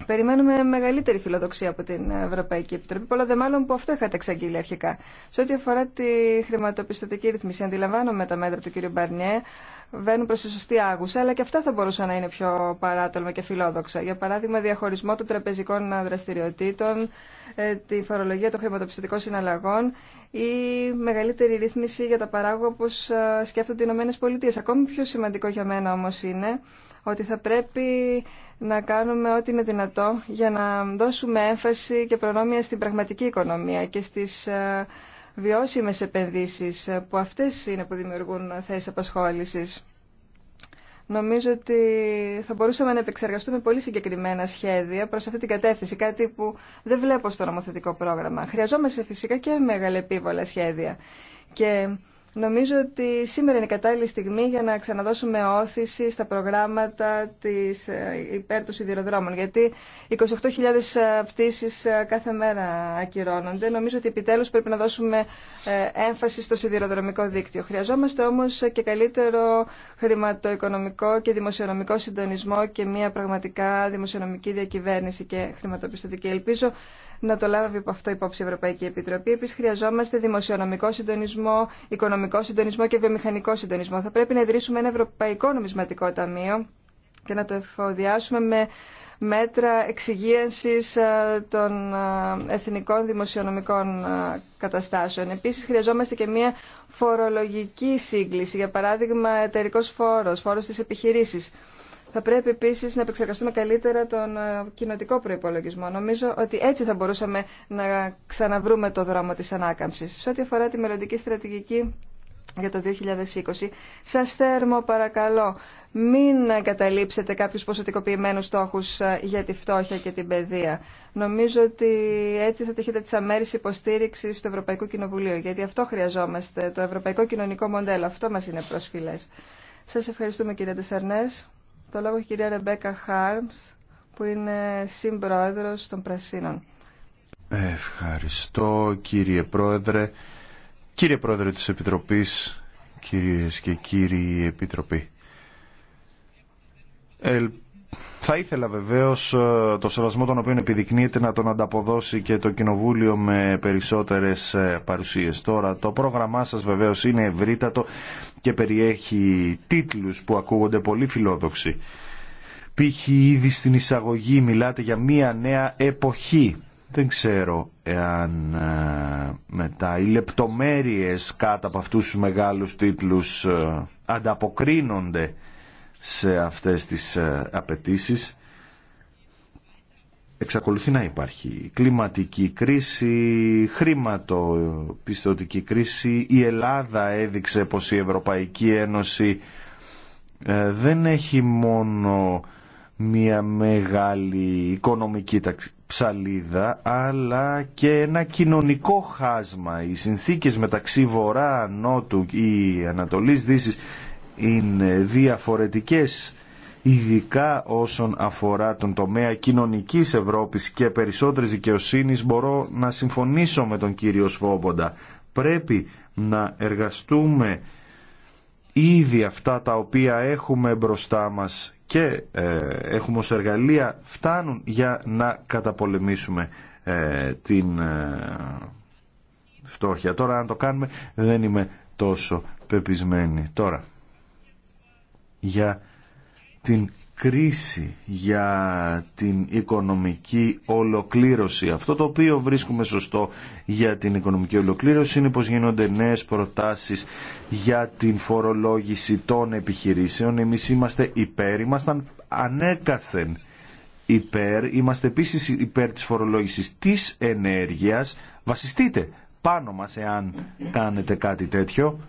Περιμένουμε μεγαλύτερη φιλοδοξία από την Ευρωπαϊκή Επιτροπή, πολλά δε μάλλον που αυτό είχατε εξαγγείλει αρχικά. Σε ό,τι αφορά τη χρηματοπιστωτική ρυθμίση, αντιλαμβάνομαι τα μέτρα του κύριου Μπαρνιέ, βαίνουν προ τη σωστή άγουσα, αλλά και αυτά θα μπορούσαν να είναι πιο παράτολμα και φιλόδοξα. Για παράδειγμα, διαχωρισμό των τραπεζικών δραστηριοτήτων, ε, τη φορολογία των χρηματοπιστωτικών συναλλαγών ή μεγαλύτερη ρύθμιση για τα παράγωγα όπως ε, σκέφτονται οι ΗΠΑ. Ακόμη πιο σημαντικό για μένα όμω είναι ότι θα πρέπει να κάνουμε ό,τι είναι δυνατό για να δώσουμε έμφαση και προνόμια στην πραγματική οικονομία και στις ε, βιώσιμες επενδύσεις που αυτές είναι που δημιουργούν θέσεις απασχόλησης. Νομίζω ότι θα μπορούσαμε να επεξεργαστούμε πολύ συγκεκριμένα σχέδια προς αυτή την κατεύθυνση, κάτι που δεν βλέπω στο νομοθετικό πρόγραμμα. Χρειαζόμαστε φυσικά και μεγαλεπίβολα σχέδια. Και Νομίζω ότι σήμερα είναι κατάλληλη στιγμή για να ξαναδώσουμε όθηση στα προγράμματα της ε, υπέρ των σιδηροδρόμων, γιατί 28.000 ε, πτήσεις ε, κάθε μέρα ακυρώνονται. Νομίζω ότι επιτέλους πρέπει να δώσουμε έμφαση στο σιδηροδρομικό δίκτυο. Χρειαζόμαστε όμως και καλύτερο χρηματοοικονομικό και δημοσιονομικό συντονισμό και μια πραγματικά δημοσιονομική διακυβέρνηση και χρηματοπιστωτική. Ελπίζω να το λάβει από αυτό υπόψη η Ευρωπαϊκή Επιτροπή. Επίση, χρειαζόμαστε δημοσιονομικό συντονισμό, οικονομικό συντονισμό και βιομηχανικό συντονισμό. Θα πρέπει να ιδρύσουμε ένα Ευρωπαϊκό Νομισματικό Ταμείο και να το εφοδιάσουμε με μέτρα εξυγίανση ε, των ε, εθνικών δημοσιονομικών ε, καταστάσεων. Επίση χρειαζόμαστε και μια φορολογική σύγκληση, για παράδειγμα εταιρικό φόρο, φόρο τη επιχειρήση. Θα πρέπει επίση να επεξεργαστούμε καλύτερα τον ε, κοινοτικό προπολογισμό. Νομίζω ότι έτσι θα μπορούσαμε να ξαναβρούμε το δρόμο τη ανάκαμψη. Σε ό,τι αφορά τη μελλοντική στρατηγική για το 2020, σα θέρμο παρακαλώ μην καταλήψετε κάποιου ποσοτικοποιημένου στόχου ε, για τη φτώχεια και την παιδεία. Νομίζω ότι έτσι θα τυχείτε τη αμέρη υποστήριξη του Ευρωπαϊκού Κοινοβουλίου, γιατί αυτό χρειαζόμαστε, το ευρωπαϊκό κοινωνικό μοντέλο. Αυτό μα είναι προσφυλέ. Σα ευχαριστούμε κύριε Τεσσαρνές. Το λόγο έχει η κυρία Ρεμπέκα Χάρμς, που είναι συμπρόεδρος των Πρασίνων. Ευχαριστώ κύριε Πρόεδρε, κύριε Πρόεδρε της Επιτροπής, κυρίες και κύριοι Επιτροπή. Θα ήθελα βεβαίω, ε, το σεβασμό τον οποίο επιδεικνύεται να τον ανταποδώσει και το Κοινοβούλιο με περισσότερες ε, παρουσίες. Τώρα το πρόγραμμά σας βεβαίω είναι ευρύτατο και περιέχει τίτλους που ακούγονται πολύ φιλόδοξοι. Π.χ. ήδη στην εισαγωγή μιλάτε για μία νέα εποχή. Δεν ξέρω εάν ε, μετά οι λεπτομέρειες κάτω από αυτούς τους μεγάλους τίτλους ανταποκρίνονται σε αυτές τις ε, απαιτήσει. Εξακολουθεί να υπάρχει κλιματική κρίση, χρηματοπιστωτική κρίση. Η Ελλάδα έδειξε πως η Ευρωπαϊκή Ένωση ε, δεν έχει μόνο μια μεγάλη οικονομική ψαλίδα αλλά και ένα κοινωνικό χάσμα. Οι συνθήκες μεταξύ Βορρά, Νότου ή Ανατολής Δύσης είναι διαφορετικές ειδικά όσον αφορά τον τομέα κοινωνικής Ευρώπης και περισσότερης δικαιοσύνης μπορώ να συμφωνήσω με τον κύριο Σβόμποντα. Πρέπει να εργαστούμε ήδη αυτά τα οποία έχουμε μπροστά μας και ε, έχουμε ως εργαλεία φτάνουν για να καταπολεμήσουμε ε, την ε, φτώχεια. Τώρα αν το κάνουμε δεν είμαι τόσο πεπισμένη. Τώρα για την κρίση, για την οικονομική ολοκλήρωση. Αυτό το οποίο βρίσκουμε σωστό για την οικονομική ολοκλήρωση είναι πως γίνονται νέες προτάσεις για την φορολόγηση των επιχειρήσεων. Εμείς είμαστε υπέρ, ήμασταν ανέκαθεν υπέρ, είμαστε επίσης υπέρ της φορολόγησης της ενέργειας. Βασιστείτε πάνω μας εάν κάνετε κάτι τέτοιο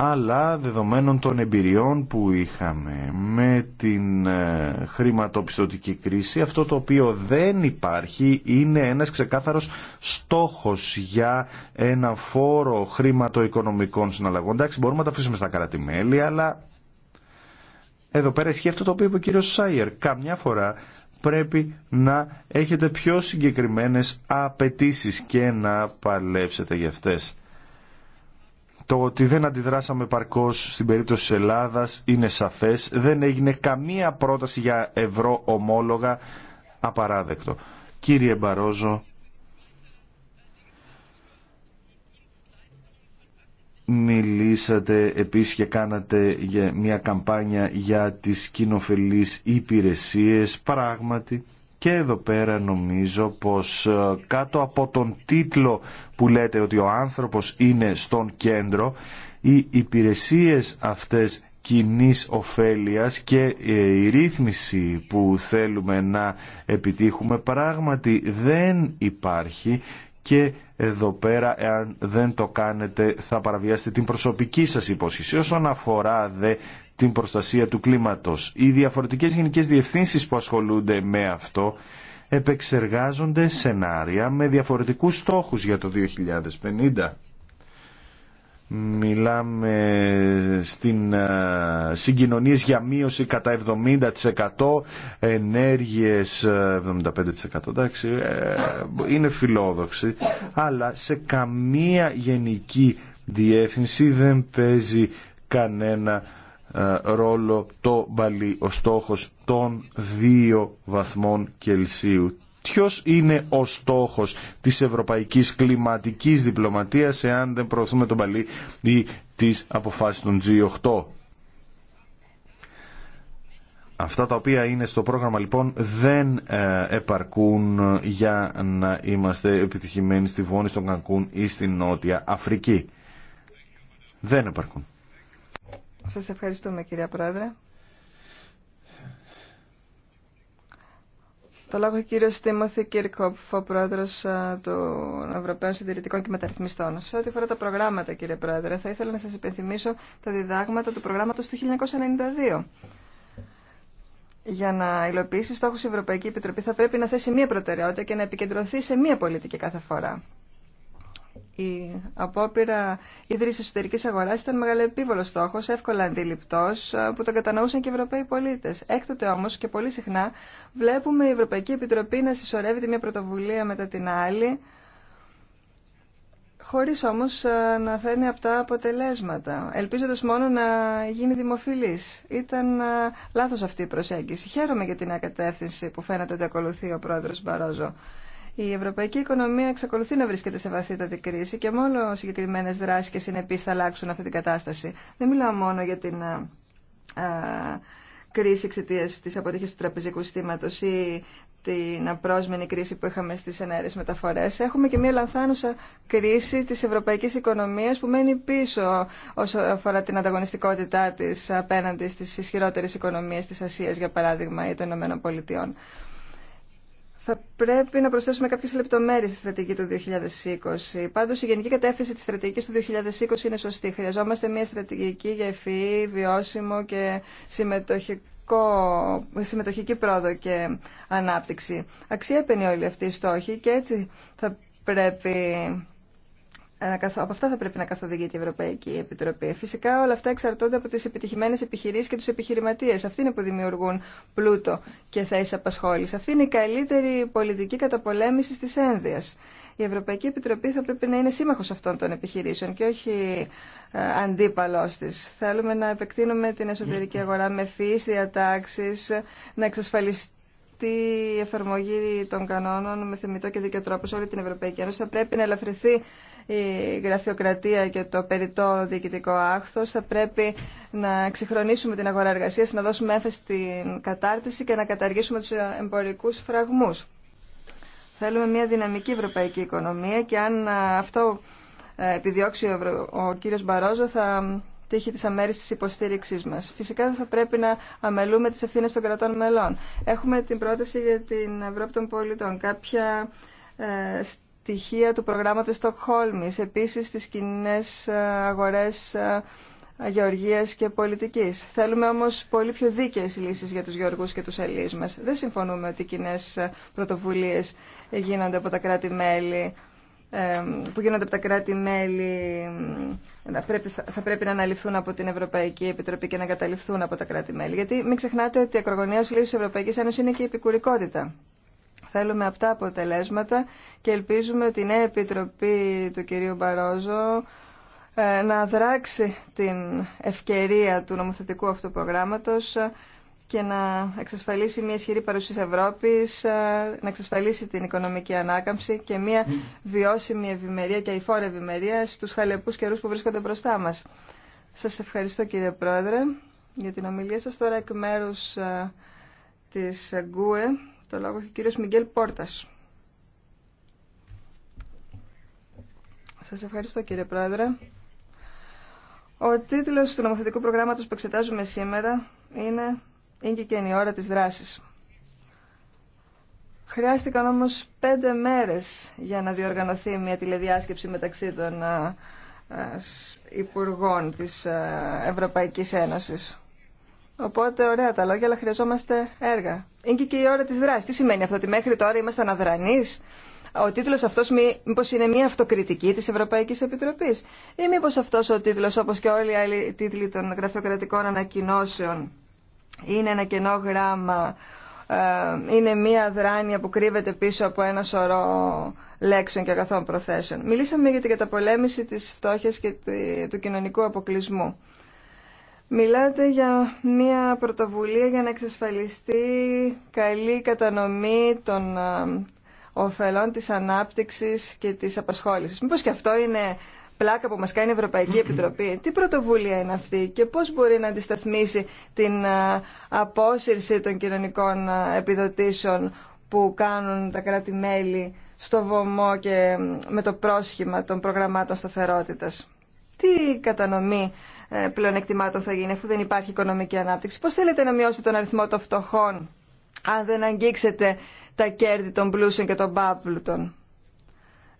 αλλά δεδομένων των εμπειριών που είχαμε με την ε, χρηματοπιστωτική κρίση, αυτό το οποίο δεν υπάρχει είναι ένας ξεκάθαρος στόχος για ένα φόρο χρηματοοικονομικών συναλλαγών. Εντάξει, μπορούμε να τα αφήσουμε στα καρατιμέλη, αλλά εδώ πέρα ισχύει αυτό το οποίο είπε ο κύριος Σάιερ. Καμιά φορά πρέπει να έχετε πιο συγκεκριμένες απαιτήσει και να παλέψετε για αυτές. Το ότι δεν αντιδράσαμε παρκώς στην περίπτωση της Ελλάδας είναι σαφές. Δεν έγινε καμία πρόταση για ευρώ ομόλογα απαράδεκτο. Κύριε Μπαρόζο, μιλήσατε επίσης και κάνατε μια καμπάνια για τις κοινοφελείς υπηρεσίες. Πράγματι, και εδώ πέρα νομίζω πως ε, κάτω από τον τίτλο που λέτε ότι ο άνθρωπος είναι στον κέντρο, οι υπηρεσίες αυτές κοινή ωφέλειας και ε, η ρύθμιση που θέλουμε να επιτύχουμε πράγματι δεν υπάρχει και εδώ πέρα εάν δεν το κάνετε θα παραβιάσετε την προσωπική σας υπόσχεση. Όσον αφορά δε την προστασία του κλίματος. Οι διαφορετικές γενικές διευθύνσεις που ασχολούνται με αυτό επεξεργάζονται σενάρια με διαφορετικούς στόχους για το 2050. Μιλάμε στην συγκοινωνίες για μείωση κατά 70%, ενέργειες 75%. Εντάξει, ε, είναι φιλόδοξη, αλλά σε καμία γενική διεύθυνση δεν παίζει κανένα ε, ρόλο το μπαλί, ο στόχος των δύο βαθμών Κελσίου. Τιος είναι ο στόχος της ευρωπαϊκής κλιματικής διπλωματίας εάν δεν προωθούμε τον παλί ή τις αποφάσεις των G8. Αυτά τα οποία είναι στο πρόγραμμα λοιπόν δεν ε, επαρκούν για να είμαστε επιτυχημένοι στη Βόνη, στον Κανκούν ή στην Νότια Αφρική. Δεν επαρκούν. Σας ευχαριστούμε κύριε Πρόεδρε. Το λόγο κύριο Τίμωθη Κίρκοπφ, ο πρόεδρο ε, των Ευρωπαίων Συντηρητικών και Μεταρρυθμιστών. Σε ό,τι αφορά τα προγράμματα, κύριε Πρόεδρε, θα ήθελα να σα υπενθυμίσω τα διδάγματα του προγράμματο του 1992. Για να υλοποιήσει στόχου η Ευρωπαϊκή Επιτροπή θα πρέπει να θέσει μία προτεραιότητα και να επικεντρωθεί σε μία πολιτική κάθε φορά η απόπειρα ίδρυση εσωτερική αγορά ήταν μεγαλεπίβολο στόχο, εύκολα αντιληπτό, ε, που τον κατανοούσαν και οι Ευρωπαίοι πολίτε. Έκτοτε όμω και πολύ συχνά βλέπουμε η Ευρωπαϊκή Επιτροπή να συσσωρεύει τη μία πρωτοβουλία μετά την άλλη, χωρί όμω ε, να φέρνει αυτά αποτελέσματα, ελπίζοντα μόνο να γίνει δημοφιλή. Ήταν ε, λάθο αυτή η προσέγγιση. Χαίρομαι για την ακατεύθυνση που φαίνεται ότι ακολουθεί ο πρόεδρο Μπαρόζο. Η ευρωπαϊκή οικονομία εξακολουθεί να βρίσκεται σε βαθύτατη κρίση και μόνο συγκεκριμένε δράσει και συνεπεί θα αλλάξουν αυτή την κατάσταση. Δεν μιλάω μόνο για την κρίση εξαιτία τη αποτυχία του τραπεζικού συστήματο ή την απρόσμενη κρίση που είχαμε στι ενέργειε μεταφορέ. Έχουμε και μια λανθάνουσα κρίση τη ευρωπαϊκή οικονομία που μένει πίσω όσο αφορά την ανταγωνιστικότητά τη απέναντι στι ισχυρότερε οικονομίε τη Ασία, για παράδειγμα, ή των ΗΠΑ θα πρέπει να προσθέσουμε κάποιες λεπτομέρειε στη στρατηγική του 2020. Πάντως η γενική κατεύθυνση της στρατηγικής του 2020 είναι σωστή. Χρειαζόμαστε μια στρατηγική για ευφυή, βιώσιμο και συμμετοχικό, συμμετοχική πρόοδο και ανάπτυξη. Αξία όλοι αυτοί οι στόχοι και έτσι θα πρέπει από αυτά θα πρέπει να καθοδηγεί η Ευρωπαϊκή Επιτροπή. Φυσικά όλα αυτά εξαρτώνται από τι επιτυχημένε επιχειρήσει και του επιχειρηματίε. Αυτοί είναι που δημιουργούν πλούτο και θέσει απασχόληση. Αυτή είναι η καλύτερη πολιτική καταπολέμηση τη ένδυα. Η Ευρωπαϊκή Επιτροπή θα πρέπει να είναι σύμμαχος αυτών των επιχειρήσεων και όχι ε, αντίπαλός τη. Θέλουμε να επεκτείνουμε την εσωτερική ναι. αγορά με φύση, διατάξει, να εξασφαλιστεί τη εφαρμογή των κανόνων με θεμητό και δίκαιο τρόπο σε όλη την Ευρωπαϊκή Ένωση. Θα πρέπει να ελαφρυνθεί η γραφειοκρατία και το περιττό διοικητικό άχθο, Θα πρέπει να ξεχρονίσουμε την αγορά εργασία, να δώσουμε έμφαση στην κατάρτιση και να καταργήσουμε τους εμπορικούς φραγμούς. Θέλουμε μια δυναμική ευρωπαϊκή οικονομία και αν αυτό ε, επιδιώξει ο κύριος Μπαρόζο θα Τύχη τη αμέριστη υποστήριξή μα. Φυσικά δεν θα πρέπει να αμελούμε τι ευθύνε των κρατών μελών. Έχουμε την πρόταση για την Ευρώπη των πολιτών. Κάποια ε, στοιχεία του προγράμματο Στοκχόλμη. επίση τι κοινέ ε, αγορέ ε, γεωργία και πολιτική. Θέλουμε όμω πολύ πιο δίκαιε λύσει για του γεωργού και του ελλεί μα. Δεν συμφωνούμε ότι οι κοινέ ε, πρωτοβουλίε γίνονται από τα κράτη-μέλη που γίνονται από τα κράτη-μέλη θα πρέπει να αναλυθούν από την Ευρωπαϊκή Επιτροπή και να καταληφθούν από τα κράτη-μέλη. Γιατί μην ξεχνάτε ότι η ως λύση της Ευρωπαϊκής Ένωσης είναι και η επικουρικότητα. Θέλουμε αυτά αποτελέσματα και ελπίζουμε ότι η νέα Επιτροπή του κυρίου Μπαρόζο ε, να δράξει την ευκαιρία του νομοθετικού αυτού προγράμματος και να εξασφαλίσει μια ισχυρή παρουσία της Ευρώπης, ε, να εξασφαλίσει την οικονομική ανάκαμψη και μια βιώσιμη ευημερία και αηφόρα ευημερία στους χαλεπούς καιρούς που βρίσκονται μπροστά μας. Σας ευχαριστώ κύριε Πρόεδρε για την ομιλία σας. Τώρα εκ μέρους ε, της ΓΚΟΕ το λόγο έχει ο κύριος Μιγγέλ Πόρτας. Σας ευχαριστώ κύριε Πρόεδρε. Ο τίτλος του νομοθετικού προγράμματος που εξετάζουμε σήμερα είναι είναι και η ώρα της δράσης. Χρειάστηκαν όμως πέντε μέρες για να διοργανωθεί μια τηλεδιάσκεψη μεταξύ των υπουργών της Ευρωπαϊκής Ένωσης. Οπότε ωραία τα λόγια, αλλά χρειαζόμαστε έργα. Είναι και η ώρα της δράσης. Τι σημαίνει αυτό, ότι μέχρι τώρα είμαστε αδρανείς. Ο τίτλος αυτός μήπως είναι μια αυτοκριτική της Ευρωπαϊκής Επιτροπής ή μήπως αυτός ο τίτλος όπως και όλοι οι άλλοι τίτλοι των γραφειοκρατικών ανακοινώσεων είναι ένα κενό γράμμα, ε, είναι μία δράνεια που κρύβεται πίσω από ένα σωρό λέξεων και αγαθών προθέσεων. Μιλήσαμε για την καταπολέμηση της φτώχειας και του κοινωνικού αποκλεισμού. Μιλάτε για μία πρωτοβουλία για να εξασφαλιστεί καλή κατανομή των ε, ωφελών της ανάπτυξης και της απασχόλησης. Μήπως και αυτό είναι πλάκα που μας κάνει η Ευρωπαϊκή Επιτροπή. Τι πρωτοβουλία είναι αυτή και πώς μπορεί να αντισταθμίσει την ε, απόσυρση των κοινωνικών ε, επιδοτήσεων που κάνουν τα κράτη-μέλη στο βωμό και με το πρόσχημα των προγραμμάτων σταθερότητας. Τι κατανομή ε, πλεονεκτημάτων θα γίνει αφού δεν υπάρχει οικονομική ανάπτυξη. Πώς θέλετε να μειώσετε τον αριθμό των φτωχών αν δεν αγγίξετε τα κέρδη των πλούσιων και των πάπλουτων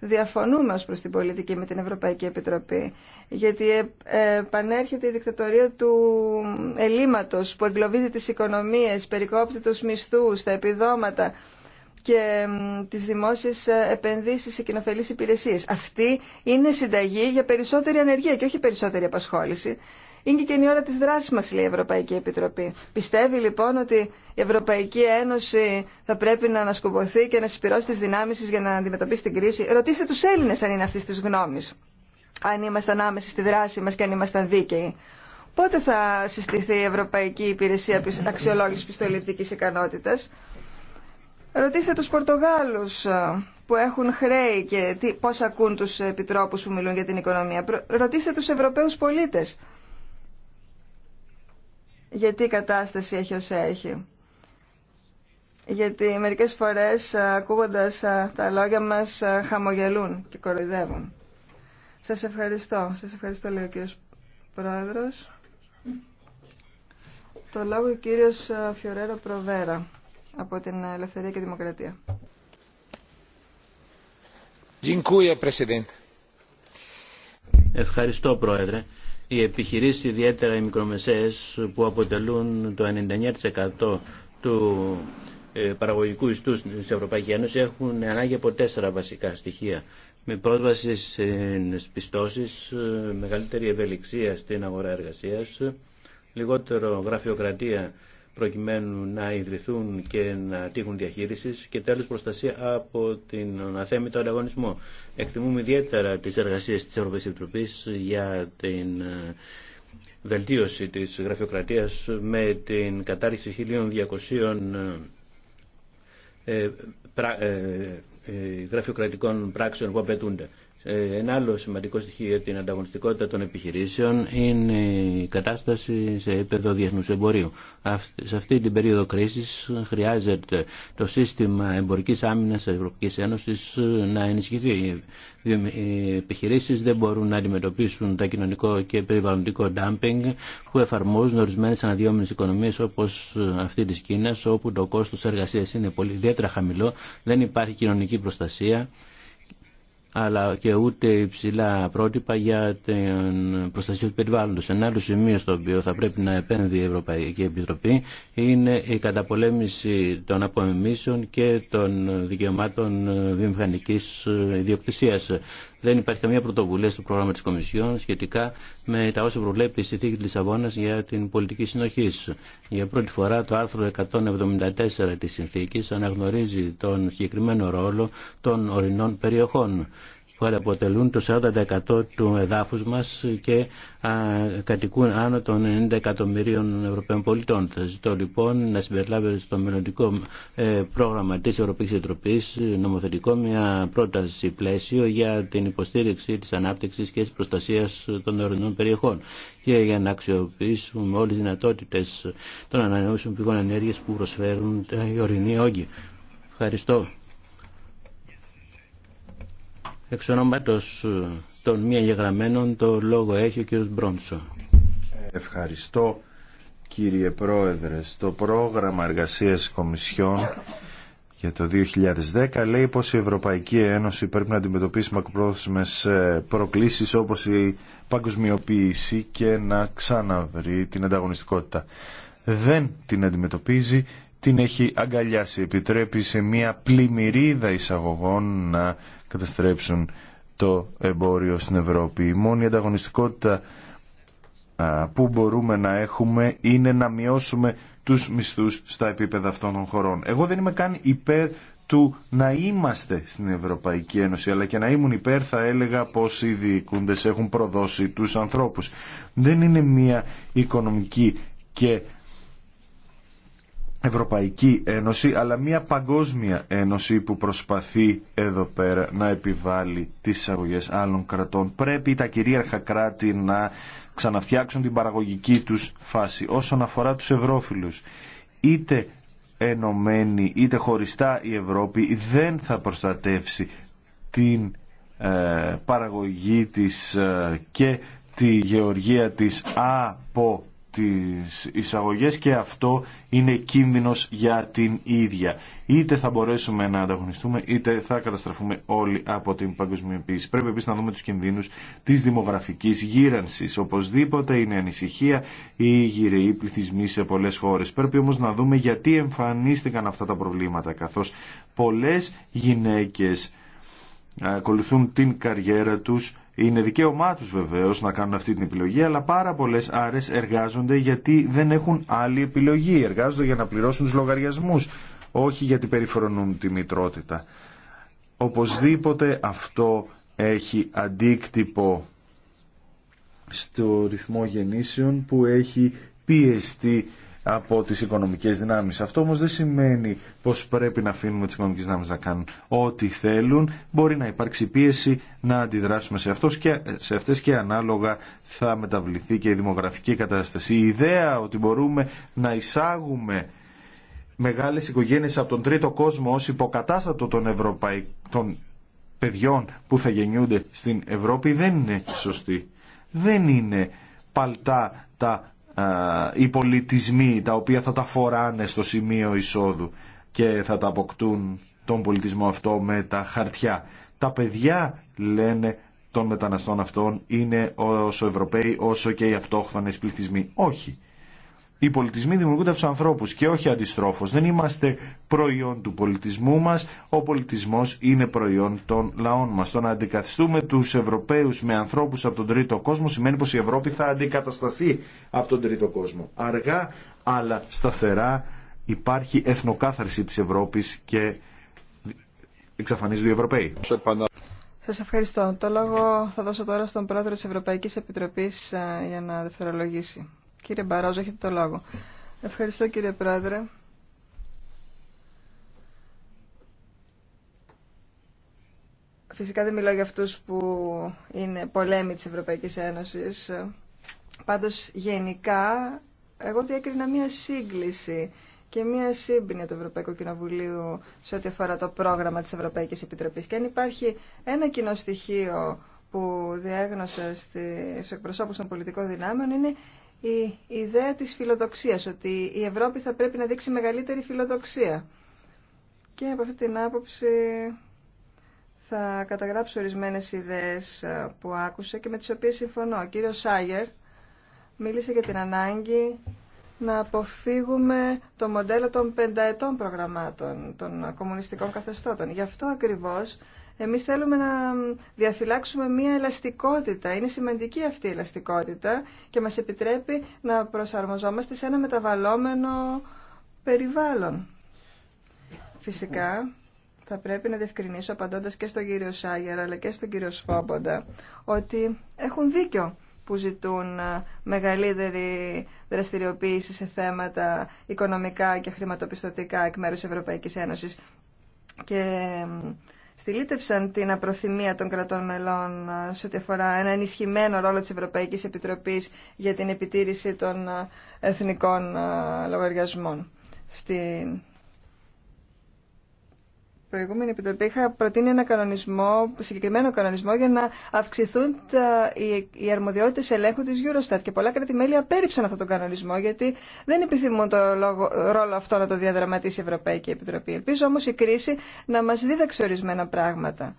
διαφωνούμε ως προς την πολιτική με την Ευρωπαϊκή Επιτροπή. Γιατί ε, ε, επανέρχεται η δικτατορία του ελίματος που εγκλωβίζει τις οικονομίες, περικόπτει τους μισθούς, τα επιδόματα και τις δημόσιες ε, επενδύσεις σε κοινοφελείς υπηρεσίες. Αυτή είναι συνταγή για περισσότερη ανεργία και όχι περισσότερη απασχόληση. Είναι και, η ώρα της δράσης μας, λέει η Ευρωπαϊκή Επιτροπή. Πιστεύει λοιπόν ότι η Ευρωπαϊκή Ένωση θα πρέπει να ανασκουμποθεί και να συσπηρώσει τις δυνάμεις της για να αντιμετωπίσει την κρίση. Ρωτήστε τους Έλληνες αν είναι αυτή της γνώμης. Αν ήμασταν άμεση στη δράση μας και αν ήμασταν δίκαιοι. Πότε θα συστηθεί η Ευρωπαϊκή Υπηρεσία Αξιολόγησης Πιστοληπτικής Ικανότητας. Ρωτήστε τους Πορτογάλους ε, που έχουν χρέη και πώ ακούν τους επιτρόπους που μιλούν για την οικονομία. Ρωτήστε τους Ευρωπαίους πολίτες γιατί η κατάσταση έχει όσα έχει. Γιατί μερικές φορές ακούγοντας τα λόγια μας χαμογελούν και κοροϊδεύουν. Σας ευχαριστώ. Σας ευχαριστώ λέει ο κύριος Πρόεδρος. Το λόγο ο κύριος Φιωρέρο Προβέρα από την Ελευθερία και Δημοκρατία. Ευχαριστώ Πρόεδρε. Οι επιχειρήσεις, ιδιαίτερα οι μικρομεσαίες, που αποτελούν το 99% του ε, παραγωγικού ιστού στην Ευρωπαϊκή Ένωση, έχουν ανάγκη από τέσσερα βασικά στοιχεία. Με πρόσβαση στις πιστώσεις, ε, μεγαλύτερη ευελιξία στην αγορά εργασίας, λιγότερο γραφειοκρατία προκειμένου να ιδρυθούν και να τύχουν διαχείριση και τέλο προστασία από την του ανταγωνισμό. Εκτιμούμε ιδιαίτερα τι εργασίε τη Ευρωπαϊκή Επιτροπή για την ε, βελτίωση της γραφειοκρατίας με την κατάρριξη 1.200 ε, ε, γραφειοκρατικών πράξεων που απαιτούνται. Ε, ένα άλλο σημαντικό στοιχείο για την ανταγωνιστικότητα των επιχειρήσεων είναι η κατάσταση σε επίπεδο διεθνού εμπορίου. Σε αυτή την περίοδο κρίση χρειάζεται το σύστημα εμπορική άμυνα τη Ευρωπαϊκή Ένωση ε, να ενισχυθεί. Οι επιχειρήσει δεν μπορούν να αντιμετωπίσουν τα κοινωνικό και περιβαλλοντικό ντάμπινγκ που εφαρμόζουν ορισμένε αναδυόμενε οικονομίε όπω ε, αυτή τη Κίνα, όπου το κόστο εργασία είναι πολύ ιδιαίτερα χαμηλό, δεν υπάρχει κοινωνική προστασία αλλά και ούτε υψηλά πρότυπα για την προστασία του περιβάλλοντος. Ένα άλλο σημείο στο οποίο θα πρέπει να επένδει η Ευρωπαϊκή Επιτροπή είναι η καταπολέμηση των απομιμήσεων και των δικαιωμάτων βιομηχανικής ιδιοκτησίας δεν υπάρχει καμία πρωτοβουλία στο πρόγραμμα της Κομισιόν σχετικά με τα όσα προβλέπει η συνθήκη τη Λισαβόνα για την πολιτική συνοχή. Για πρώτη φορά το άρθρο 174 της συνθήκης αναγνωρίζει τον συγκεκριμένο ρόλο των ορεινών περιοχών που αποτελούν το 40% του εδάφους μας και κατοικούν άνω των 90 εκατομμυρίων Ευρωπαίων πολιτών. Θα ζητώ λοιπόν να συμπεριλάβετε στο μελλοντικό ε, πρόγραμμα της Ευρωπαϊκής Επιτροπής νομοθετικό μια πρόταση πλαίσιο για την υποστήριξη της ανάπτυξης και της προστασίας των ορεινών περιοχών και για να αξιοποιήσουμε όλες τις δυνατότητες των ανανεώσιμων πηγών ενέργειας που προσφέρουν οι ορεινοί όγκοι. Ευχαριστώ. Εξ ονόματος ε, των μη εγγεγραμμένων το λόγο έχει ο κ. Μπρόντσο. Ευχαριστώ κύριε Πρόεδρε. Στο πρόγραμμα εργασίας Κομισιόν για το 2010 λέει πως η Ευρωπαϊκή Ένωση πρέπει να αντιμετωπίσει μακροπρόθεσμες ε, προκλήσεις όπως η παγκοσμιοποίηση και να ξαναβρει την ανταγωνιστικότητα. Δεν την αντιμετωπίζει, την έχει αγκαλιάσει. Επιτρέπει σε μια πλημμυρίδα εισαγωγών να καταστρέψουν το εμπόριο στην Ευρώπη. Η μόνη ανταγωνιστικότητα που μπορούμε να έχουμε είναι να μειώσουμε τους μισθούς στα επίπεδα αυτών των χωρών. Εγώ δεν είμαι καν υπέρ του να είμαστε στην Ευρωπαϊκή Ένωση, αλλά και να ήμουν υπέρ θα έλεγα πως οι διοικούντες έχουν προδώσει τους ανθρώπους. Δεν είναι μια οικονομική και Ευρωπαϊκή Ένωση αλλά μια παγκόσμια ένωση που προσπαθεί εδώ πέρα να επιβάλλει τις εισαγωγές άλλων κρατών. Πρέπει τα κυρίαρχα κράτη να ξαναφτιάξουν την παραγωγική τους φάση όσον αφορά τους ευρώφιλους. Είτε ενωμένη είτε χωριστά η Ευρώπη δεν θα προστατεύσει την ε, παραγωγή της ε, και τη γεωργία της από τις εισαγωγές και αυτό είναι κίνδυνος για την ίδια. Είτε θα μπορέσουμε να ανταγωνιστούμε είτε θα καταστραφούμε όλοι από την παγκοσμιοποίηση. Πρέπει επίσης να δούμε τους κινδύνους της δημογραφικής γύρανσης. Οπωσδήποτε είναι ανησυχία ή γυραιοί πληθυσμοί σε πολλές χώρες. Πρέπει όμως να δούμε γιατί εμφανίστηκαν αυτά τα προβλήματα καθώς πολλές γυναίκες ακολουθούν την καριέρα τους είναι δικαίωμά του βεβαίω να κάνουν αυτή την επιλογή, αλλά πάρα πολλέ άρε εργάζονται γιατί δεν έχουν άλλη επιλογή. Εργάζονται για να πληρώσουν του λογαριασμού, όχι γιατί περιφρονούν τη μητρότητα. Οπωσδήποτε αυτό έχει αντίκτυπο στο ρυθμό γεννήσεων που έχει πιεστεί από τις οικονομικές δυνάμεις. Αυτό όμω δεν σημαίνει πως πρέπει να αφήνουμε τις οικονομικές δυνάμεις να κάνουν ό,τι θέλουν. Μπορεί να υπάρξει πίεση να αντιδράσουμε σε, αυτός και, σε αυτές και ανάλογα θα μεταβληθεί και η δημογραφική κατάσταση. Η ιδέα ότι μπορούμε να εισάγουμε μεγάλες οικογένειες από τον τρίτο κόσμο ως υποκατάστατο των, παιδιών που θα γεννιούνται στην Ευρώπη δεν είναι σωστή. Δεν είναι παλτά τα οι πολιτισμοί τα οποία θα τα φοράνε στο σημείο εισόδου και θα τα αποκτούν τον πολιτισμό αυτό με τα χαρτιά. Τα παιδιά λένε των μεταναστών αυτών είναι όσο Ευρωπαίοι όσο και οι αυτόχθονες πληθυσμοί. Όχι. Οι πολιτισμοί δημιουργούνται από του ανθρώπου και όχι αντιστρόφω. Δεν είμαστε προϊόν του πολιτισμού μα. Ο πολιτισμό είναι προϊόν των λαών μα. Το να αντικαθιστούμε του Ευρωπαίου με ανθρώπου από τον τρίτο κόσμο σημαίνει πω η Ευρώπη θα αντικατασταθεί από τον τρίτο κόσμο. Αργά αλλά σταθερά υπάρχει εθνοκάθαρση τη Ευρώπη και εξαφανίζονται οι Ευρωπαίοι. Σα ευχαριστώ. Το λόγο θα δώσω τώρα στον πρόεδρο τη Ευρωπαϊκή Επιτροπή ε, για να δευτερολογήσει. Κύριε Μπαρόζο, έχετε το λόγο. Ευχαριστώ κύριε Πρόεδρε. Φυσικά δεν μιλάω για αυτούς που είναι πολέμοι της Ευρωπαϊκής Ένωσης. Πάντως γενικά εγώ διέκρινα μία σύγκληση και μία σύμπνοια του Ευρωπαϊκού Κοινοβουλίου σε ό,τι αφορά το πρόγραμμα της Ευρωπαϊκής Επιτροπής. Και αν υπάρχει ένα κοινό στοιχείο που διέγνωσα στους εκπροσώπους των πολιτικών δυνάμεων είναι η ιδέα της φιλοδοξίας, ότι η Ευρώπη θα πρέπει να δείξει μεγαλύτερη φιλοδοξία. Και από αυτή την άποψη θα καταγράψω ορισμένες ιδέες ε, που άκουσα και με τις οποίες συμφωνώ. Ο κύριος Σάγερ μίλησε για την ανάγκη να αποφύγουμε το μοντέλο των πενταετών προγραμμάτων των κομμουνιστικών καθεστώτων. Γι' αυτό ακριβώς εμείς θέλουμε να διαφυλάξουμε μία ελαστικότητα. Είναι σημαντική αυτή η ελαστικότητα και μας επιτρέπει να προσαρμοζόμαστε σε ένα μεταβαλλόμενο περιβάλλον. Φυσικά, θα πρέπει να διευκρινίσω απαντώντας και στον κύριο Σάγερα αλλά και στον κύριο Σφόμποντα ότι έχουν δίκιο που ζητούν ε, μεγαλύτερη δραστηριοποίηση σε θέματα οικονομικά και χρηματοπιστωτικά εκ μέρους Ευρωπαϊκής Ένωσης. Και στηλίτευσαν την απροθυμία των κρατών μελών ε, σε ό,τι αφορά ένα ενισχυμένο ρόλο της Ευρωπαϊκής Επιτροπής για την επιτήρηση των ε, εθνικών ε, λογαριασμών στην προηγούμενη επιτροπή είχα προτείνει ένα κανονισμό, συγκεκριμένο κανονισμό για να αυξηθούν τα, οι, οι αρμοδιότητε ελέγχου τη Eurostat. Και πολλά κράτη-μέλη απέρριψαν αυτόν τον κανονισμό γιατί δεν επιθυμούν το ρόλο αυτό να το διαδραματίσει η Ευρωπαϊκή Επιτροπή. Ελπίζω όμω η κρίση να μα δίδαξε ορισμένα πράγματα.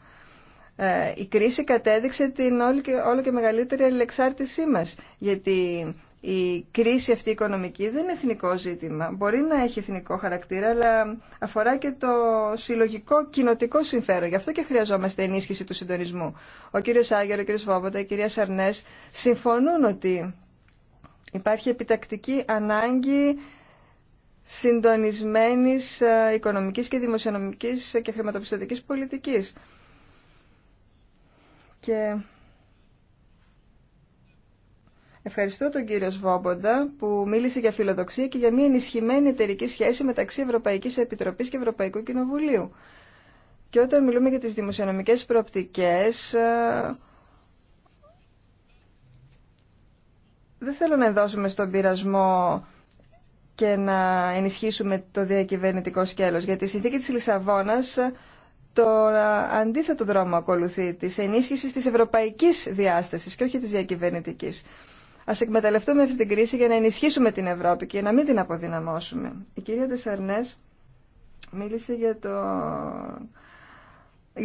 Ε, η κρίση κατέδειξε την όλο και, μεγαλύτερη αλληλεξάρτησή μα. γιατί η κρίση αυτή οικονομική δεν είναι εθνικό ζήτημα. Μπορεί να έχει εθνικό χαρακτήρα, αλλά αφορά και το συλλογικό κοινοτικό συμφέρον. Γι' αυτό και χρειαζόμαστε ενίσχυση του συντονισμού. Ο κύριο Άγερ, ο κύριο Βόμποτα, η κυρία Σαρνέ συμφωνούν ότι υπάρχει επιτακτική ανάγκη συντονισμένης ε, οικονομικής και δημοσιονομικής και χρηματοπιστωτικής πολιτικής. Και Ευχαριστώ τον κύριο Σβόμποντα που μίλησε για φιλοδοξία και για μια ενισχυμένη εταιρική σχέση μεταξύ Ευρωπαϊκής Επιτροπής και Ευρωπαϊκού Κοινοβουλίου. Και όταν μιλούμε για τις δημοσιονομικές προοπτικές, ε, δεν θέλω να ενδώσουμε στον πειρασμό και να ενισχύσουμε το διακυβερνητικό σκέλος, γιατί η συνθήκη της Λισαβόνας ε, το αντίθετο δρόμο ακολουθεί, της ενίσχυσης της ευρωπαϊκής διάστασης και όχι της διακυβερνητικής. Α εκμεταλλευτούμε αυτή την κρίση για να ενισχύσουμε την Ευρώπη και να μην την αποδυναμώσουμε. Η κυρία Τεσσαρνέ μίλησε για το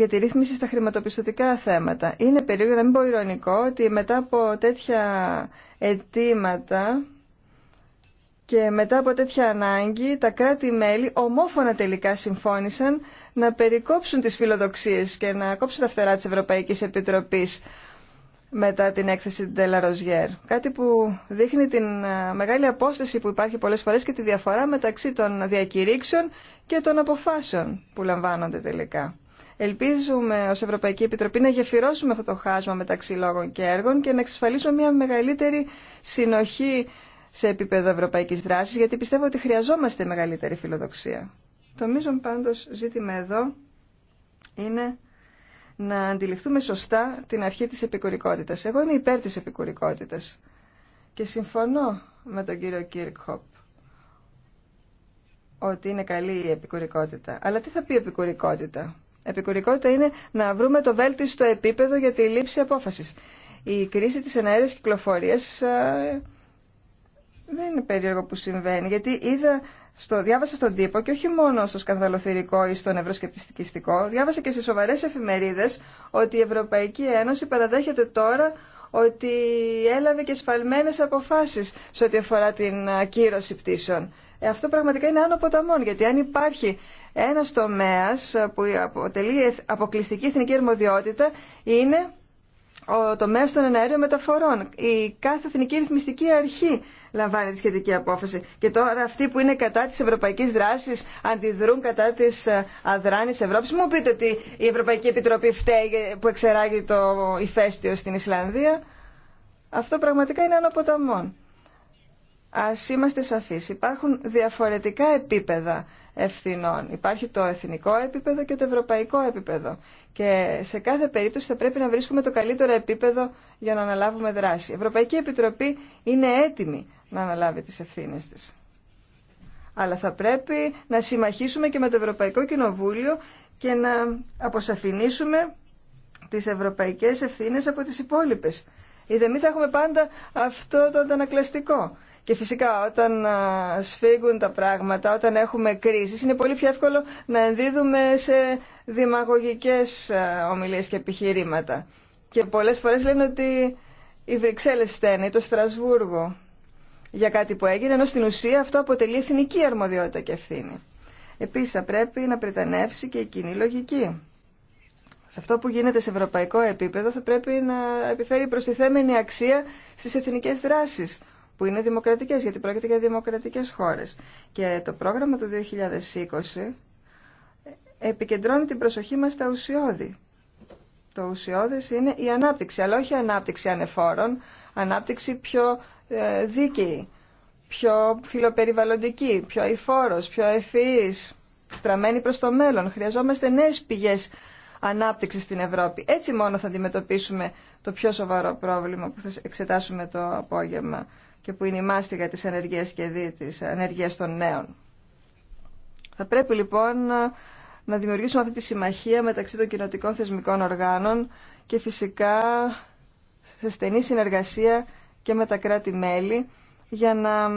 τη ρύθμιση στα χρηματοπιστωτικά θέματα. Είναι περίεργο, να μην πω ηρωνικό, ότι μετά από τέτοια αιτήματα και μετά από τέτοια ανάγκη, τα κράτη-μέλη ομόφωνα τελικά συμφώνησαν να περικόψουν τις φιλοδοξίες και να κόψουν τα φτερά της Ευρωπαϊκής Επιτροπής μετά την έκθεση Τελαροζιέρ. Κάτι που δείχνει την ε, μεγάλη απόσταση που υπάρχει πολλές φορές και τη διαφορά μεταξύ των διακηρύξεων και των αποφάσεων που λαμβάνονται τελικά. Ελπίζουμε ως Ευρωπαϊκή Επιτροπή να γεφυρώσουμε αυτό το χάσμα μεταξύ λόγων και έργων και να εξασφαλίσουμε μια μεγαλύτερη συνοχή σε επίπεδο ευρωπαϊκής δράσης, γιατί πιστεύω ότι χρειαζόμαστε μεγαλύτερη φιλοδοξία. Το μείζον πάντως ζήτημα εδώ είναι να αντιληφθούμε σωστά την αρχή της επικουρικότητας. Εγώ είμαι υπέρ της επικουρικότητας και συμφωνώ με τον κύριο Κίρκχοπ ότι είναι καλή η επικουρικότητα. Αλλά τι θα πει επικουρικότητα. Επικουρικότητα είναι να βρούμε το βέλτιστο επίπεδο για τη λήψη απόφασης. Η κρίση της εναέρειας κυκλοφορίας ε, δεν είναι περίεργο που συμβαίνει, γιατί είδα στο, διάβασα στον τύπο και όχι μόνο στο σκανδαλοθυρικό ή στον ευρωσκεπτιστικιστικό, διάβασα και σε σοβαρές εφημερίδες ότι η Ευρωπαϊκή Ένωση παραδέχεται τώρα ότι έλαβε και σφαλμένες αποφάσεις σε ό,τι αφορά την ακύρωση πτήσεων. Ε, αυτό πραγματικά είναι άνω ποταμών, γιατί αν υπάρχει ένας τομέας που αποτελεί αποκλειστική εθνική αρμοδιότητα, είναι ο τομέας των εναέριων μεταφορών. Η κάθε εθνική ρυθμιστική αρχή λαμβάνει τη σχετική απόφαση. Και τώρα αυτοί που είναι κατά της ευρωπαϊκής δράσης αντιδρούν κατά της ε, αδράνη Ευρώπης. Μου πείτε ότι η Ευρωπαϊκή Επιτροπή φταίει που εξεράγει το ηφαίστειο στην Ισλανδία. Αυτό πραγματικά είναι ένα ποταμόν. Ας είμαστε σαφεί. Υπάρχουν διαφορετικά επίπεδα ευθυνών. Υπάρχει το εθνικό επίπεδο και το ευρωπαϊκό επίπεδο. Και σε κάθε περίπτωση θα πρέπει να βρίσκουμε το καλύτερο επίπεδο για να αναλάβουμε δράση. Η Ευρωπαϊκή Επιτροπή είναι έτοιμη να αναλάβει τις ευθύνε της. Αλλά θα πρέπει να συμμαχίσουμε και με το Ευρωπαϊκό Κοινοβούλιο και να αποσαφηνίσουμε τις ευρωπαϊκές ευθύνες από τις υπόλοιπες. Ή δεν θα έχουμε πάντα αυτό το αντανακλαστικό. Και φυσικά όταν σφίγγουν τα πράγματα, όταν έχουμε κρίσεις, είναι πολύ πιο εύκολο να ενδίδουμε σε δημαγωγικές ομιλίες και επιχειρήματα. Και πολλές φορές λένε ότι οι Βρυξέλλες φταίνε, το Στρασβούργο για κάτι που έγινε, ενώ στην ουσία αυτό αποτελεί εθνική αρμοδιότητα και ευθύνη. Επίσης θα πρέπει να πρετανεύσει και η κοινή λογική. Σε αυτό που γίνεται σε ευρωπαϊκό επίπεδο θα πρέπει να επιφέρει προστιθέμενη αξία στις εθνικές δράσεις που είναι δημοκρατικές, γιατί πρόκειται για δημοκρατικές χώρες. Και το πρόγραμμα του 2020 επικεντρώνει την προσοχή μας στα ουσιώδη. Το ουσιώδες είναι η ανάπτυξη, αλλά όχι η ανάπτυξη ανεφόρων, ανάπτυξη πιο ε, δίκαιη, πιο φιλοπεριβαλλοντική, πιο αηφόρος, πιο ευφυής, στραμμένη προς το μέλλον. Χρειαζόμαστε νέες πηγές ανάπτυξη στην Ευρώπη. Έτσι μόνο θα αντιμετωπίσουμε το πιο σοβαρό πρόβλημα που θα εξετάσουμε το απόγευμα και που είναι η μάστιγα της ανεργίας και δι, της των νέων. Θα πρέπει λοιπόν να δημιουργήσουμε αυτή τη συμμαχία μεταξύ των κοινοτικών θεσμικών οργάνων και φυσικά σε στενή συνεργασία και με τα κράτη-μέλη για να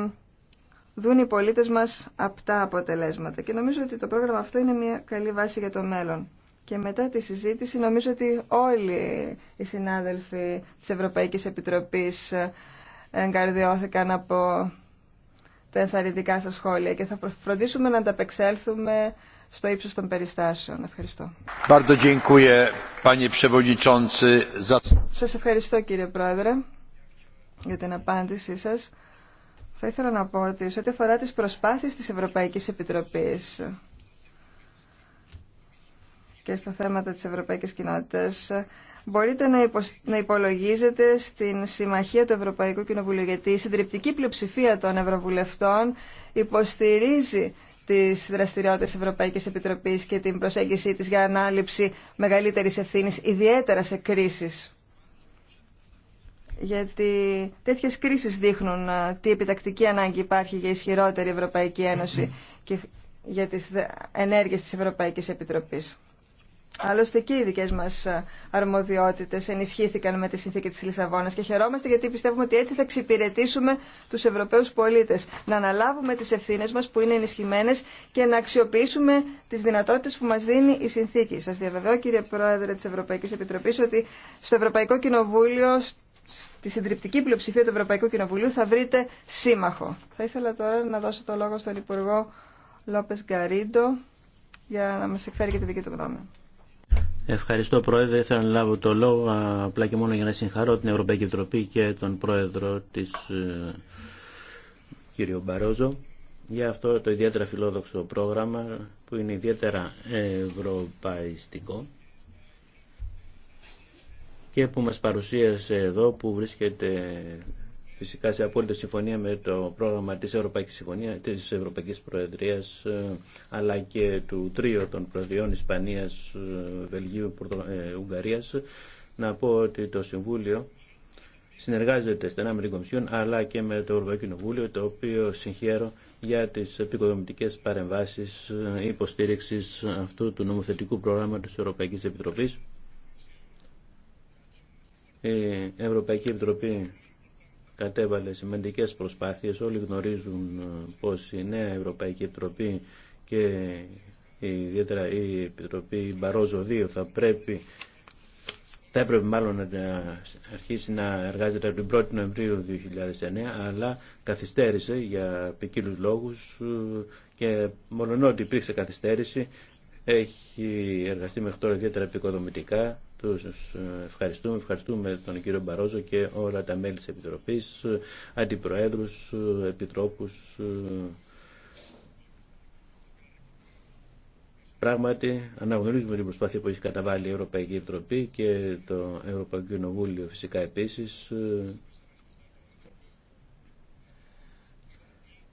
δουν οι πολίτες μας απτά αποτελέσματα. Και νομίζω ότι το πρόγραμμα αυτό είναι μια καλή βάση για το μέλλον. Και μετά τη συζήτηση νομίζω ότι όλοι οι συνάδελφοι της Ευρωπαϊκής Επιτροπής εγκαρδιώθηκαν από τα ενθαρρυντικά σας σχόλια και θα φροντίσουμε να ανταπεξέλθουμε στο ύψος των περιστάσεων. Ευχαριστώ. Σας ευχαριστώ κύριε Πρόεδρε για την απάντησή σας. Θα ήθελα να πω ότι σε ό,τι αφορά τις προσπάθειες της Ευρωπαϊκής Επιτροπής και στα θέματα της Ευρωπαϊκής Κοινότητας μπορείτε να υπολογίζετε στην Συμμαχία του Ευρωπαϊκού Κοινοβουλίου, γιατί η συντριπτική πλειοψηφία των Ευρωβουλευτών υποστηρίζει τις δραστηριότητες Ευρωπαϊκής Επιτροπής και την προσέγγιση της για ανάληψη μεγαλύτερη ευθύνη ιδιαίτερα σε κρίσει. Γιατί τέτοιες κρίσεις δείχνουν τι επιτακτική ανάγκη υπάρχει για ισχυρότερη Ευρωπαϊκή Ένωση και για τις ενέργειες της Ευρωπαϊκής Επιτροπής. Άλλωστε και οι δικέ μα αρμοδιότητε ενισχύθηκαν με τη συνθήκη τη Λισαβόνα και χαιρόμαστε γιατί πιστεύουμε ότι έτσι θα εξυπηρετήσουμε του Ευρωπαίου πολίτε. Να αναλάβουμε τι ευθύνε μα που είναι ενισχυμένε και να αξιοποιήσουμε τι δυνατότητε που μα δίνει η συνθήκη. Σα διαβεβαιώ, κύριε Πρόεδρε τη Ευρωπαϊκή Επιτροπή, ότι στο Ευρωπαϊκό Κοινοβούλιο, στη συντριπτική πλειοψηφία του Ευρωπαϊκού Κοινοβουλίου, θα βρείτε σύμμαχο. Θα ήθελα τώρα να δώσω το λόγο στον Υπουργό Λόπε Γκαρίντο για να μα εκφέρει και τη δική του γνώμη. Ευχαριστώ Πρόεδρε. Θέλω να λάβω το λόγο απλά και μόνο για να συγχαρώ την Ευρωπαϊκή Επιτροπή και τον Πρόεδρο της ε, κύριο Μπαρόζο για αυτό το ιδιαίτερα φιλόδοξο πρόγραμμα που είναι ιδιαίτερα ευρωπαϊστικό και που μας παρουσίασε εδώ που βρίσκεται φυσικά σε απόλυτη συμφωνία με το πρόγραμμα της Ευρωπαϊκής, Συμφωνία, της Ευρωπαϊκής Προεδρίας ε, αλλά και του τρίου των Προεδριών Ισπανίας, ε, Βελγίου, ε, Ουγγαρίας να πω ότι το Συμβούλιο συνεργάζεται στενά με την Κομισιόν αλλά και με το Ευρωπαϊκό Κοινοβούλιο το οποίο συγχαίρω για τις επικοδομητικές παρεμβάσεις υποστήριξης αυτού του νομοθετικού προγράμματος της Ευρωπαϊκής Επιτροπής. Η Ευρωπαϊκή Επιτροπή κατέβαλε σημαντικές προσπάθειες. Όλοι γνωρίζουν ε, πως η νέα Ευρωπαϊκή Επιτροπή και ιδιαίτερα η Επιτροπή Μπαρόζο 2 θα πρέπει θα έπρεπε μάλλον να αρχίσει να εργάζεται από την 1η Νοεμβρίου 2009, αλλά καθυστέρησε για ποικίλου λόγους ε, και ότι υπήρξε καθυστέρηση, έχει εργαστεί μέχρι τώρα ιδιαίτερα επικοδομητικά τους ε, ευχαριστούμε. Ευχαριστούμε τον κύριο Μπαρόζο και όλα τα μέλη της Επιτροπής, ε, αντιπροέδρους, ε, επιτρόπους. Πράγματι, αναγνωρίζουμε την προσπάθεια που έχει καταβάλει η Ευρωπαϊκή Επιτροπή και το Ευρωπαϊκό Κοινοβούλιο φυσικά επίσης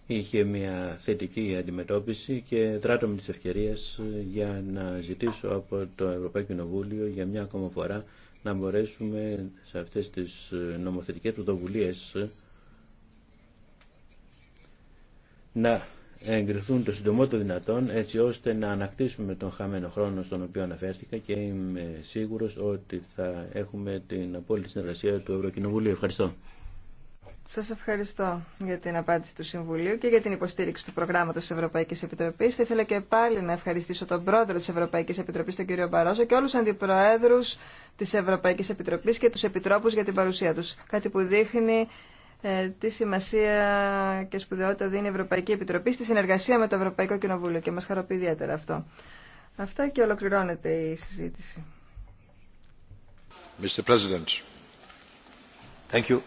είχε μια θετική αντιμετώπιση και δράτω με τις ευκαιρίες ε, για να ζητήσω από το Ευρωπαϊκό Κοινοβούλιο για μια ακόμα φορά να μπορέσουμε σε αυτές τις ε, νομοθετικές πρωτοβουλίε ε, να εγκριθούν το συντομότερο δυνατόν έτσι ώστε να ανακτήσουμε τον χαμένο χρόνο στον οποίο αναφέρθηκα και είμαι σίγουρος ότι θα έχουμε την απόλυτη συνεργασία του Ευρωκοινοβουλίου. Ευχαριστώ. Σας ευχαριστώ για την απάντηση του Συμβουλίου και για την υποστήριξη του προγράμματος της Ευρωπαϊκής Επιτροπής. Θα ήθελα και πάλι να ευχαριστήσω τον πρόεδρο της Ευρωπαϊκής Επιτροπής, τον κύριο Μπαρόζο, και όλους τους αντιπροέδρους της Ευρωπαϊκής Επιτροπής και τους επιτρόπους για την παρουσία τους. Κάτι που δείχνει ε, τι σημασία και σπουδαιότητα δίνει η Ευρωπαϊκή Επιτροπή στη συνεργασία με το Ευρωπαϊκό Κοινοβούλιο και μα χαροποιεί ιδιαίτερα αυτό. Αυτά και ολοκληρώνεται η συζήτηση. Mr. President, thank you.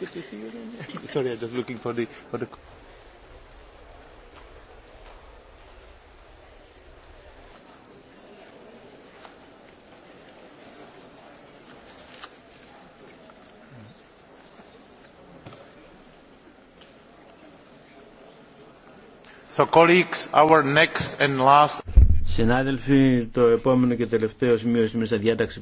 Good to Sorry, I'm just looking for the for the. So colleagues, our next and last. Συνάδελφοι, το επόμενο και τελευταίο σημείο σήμερα διάταξη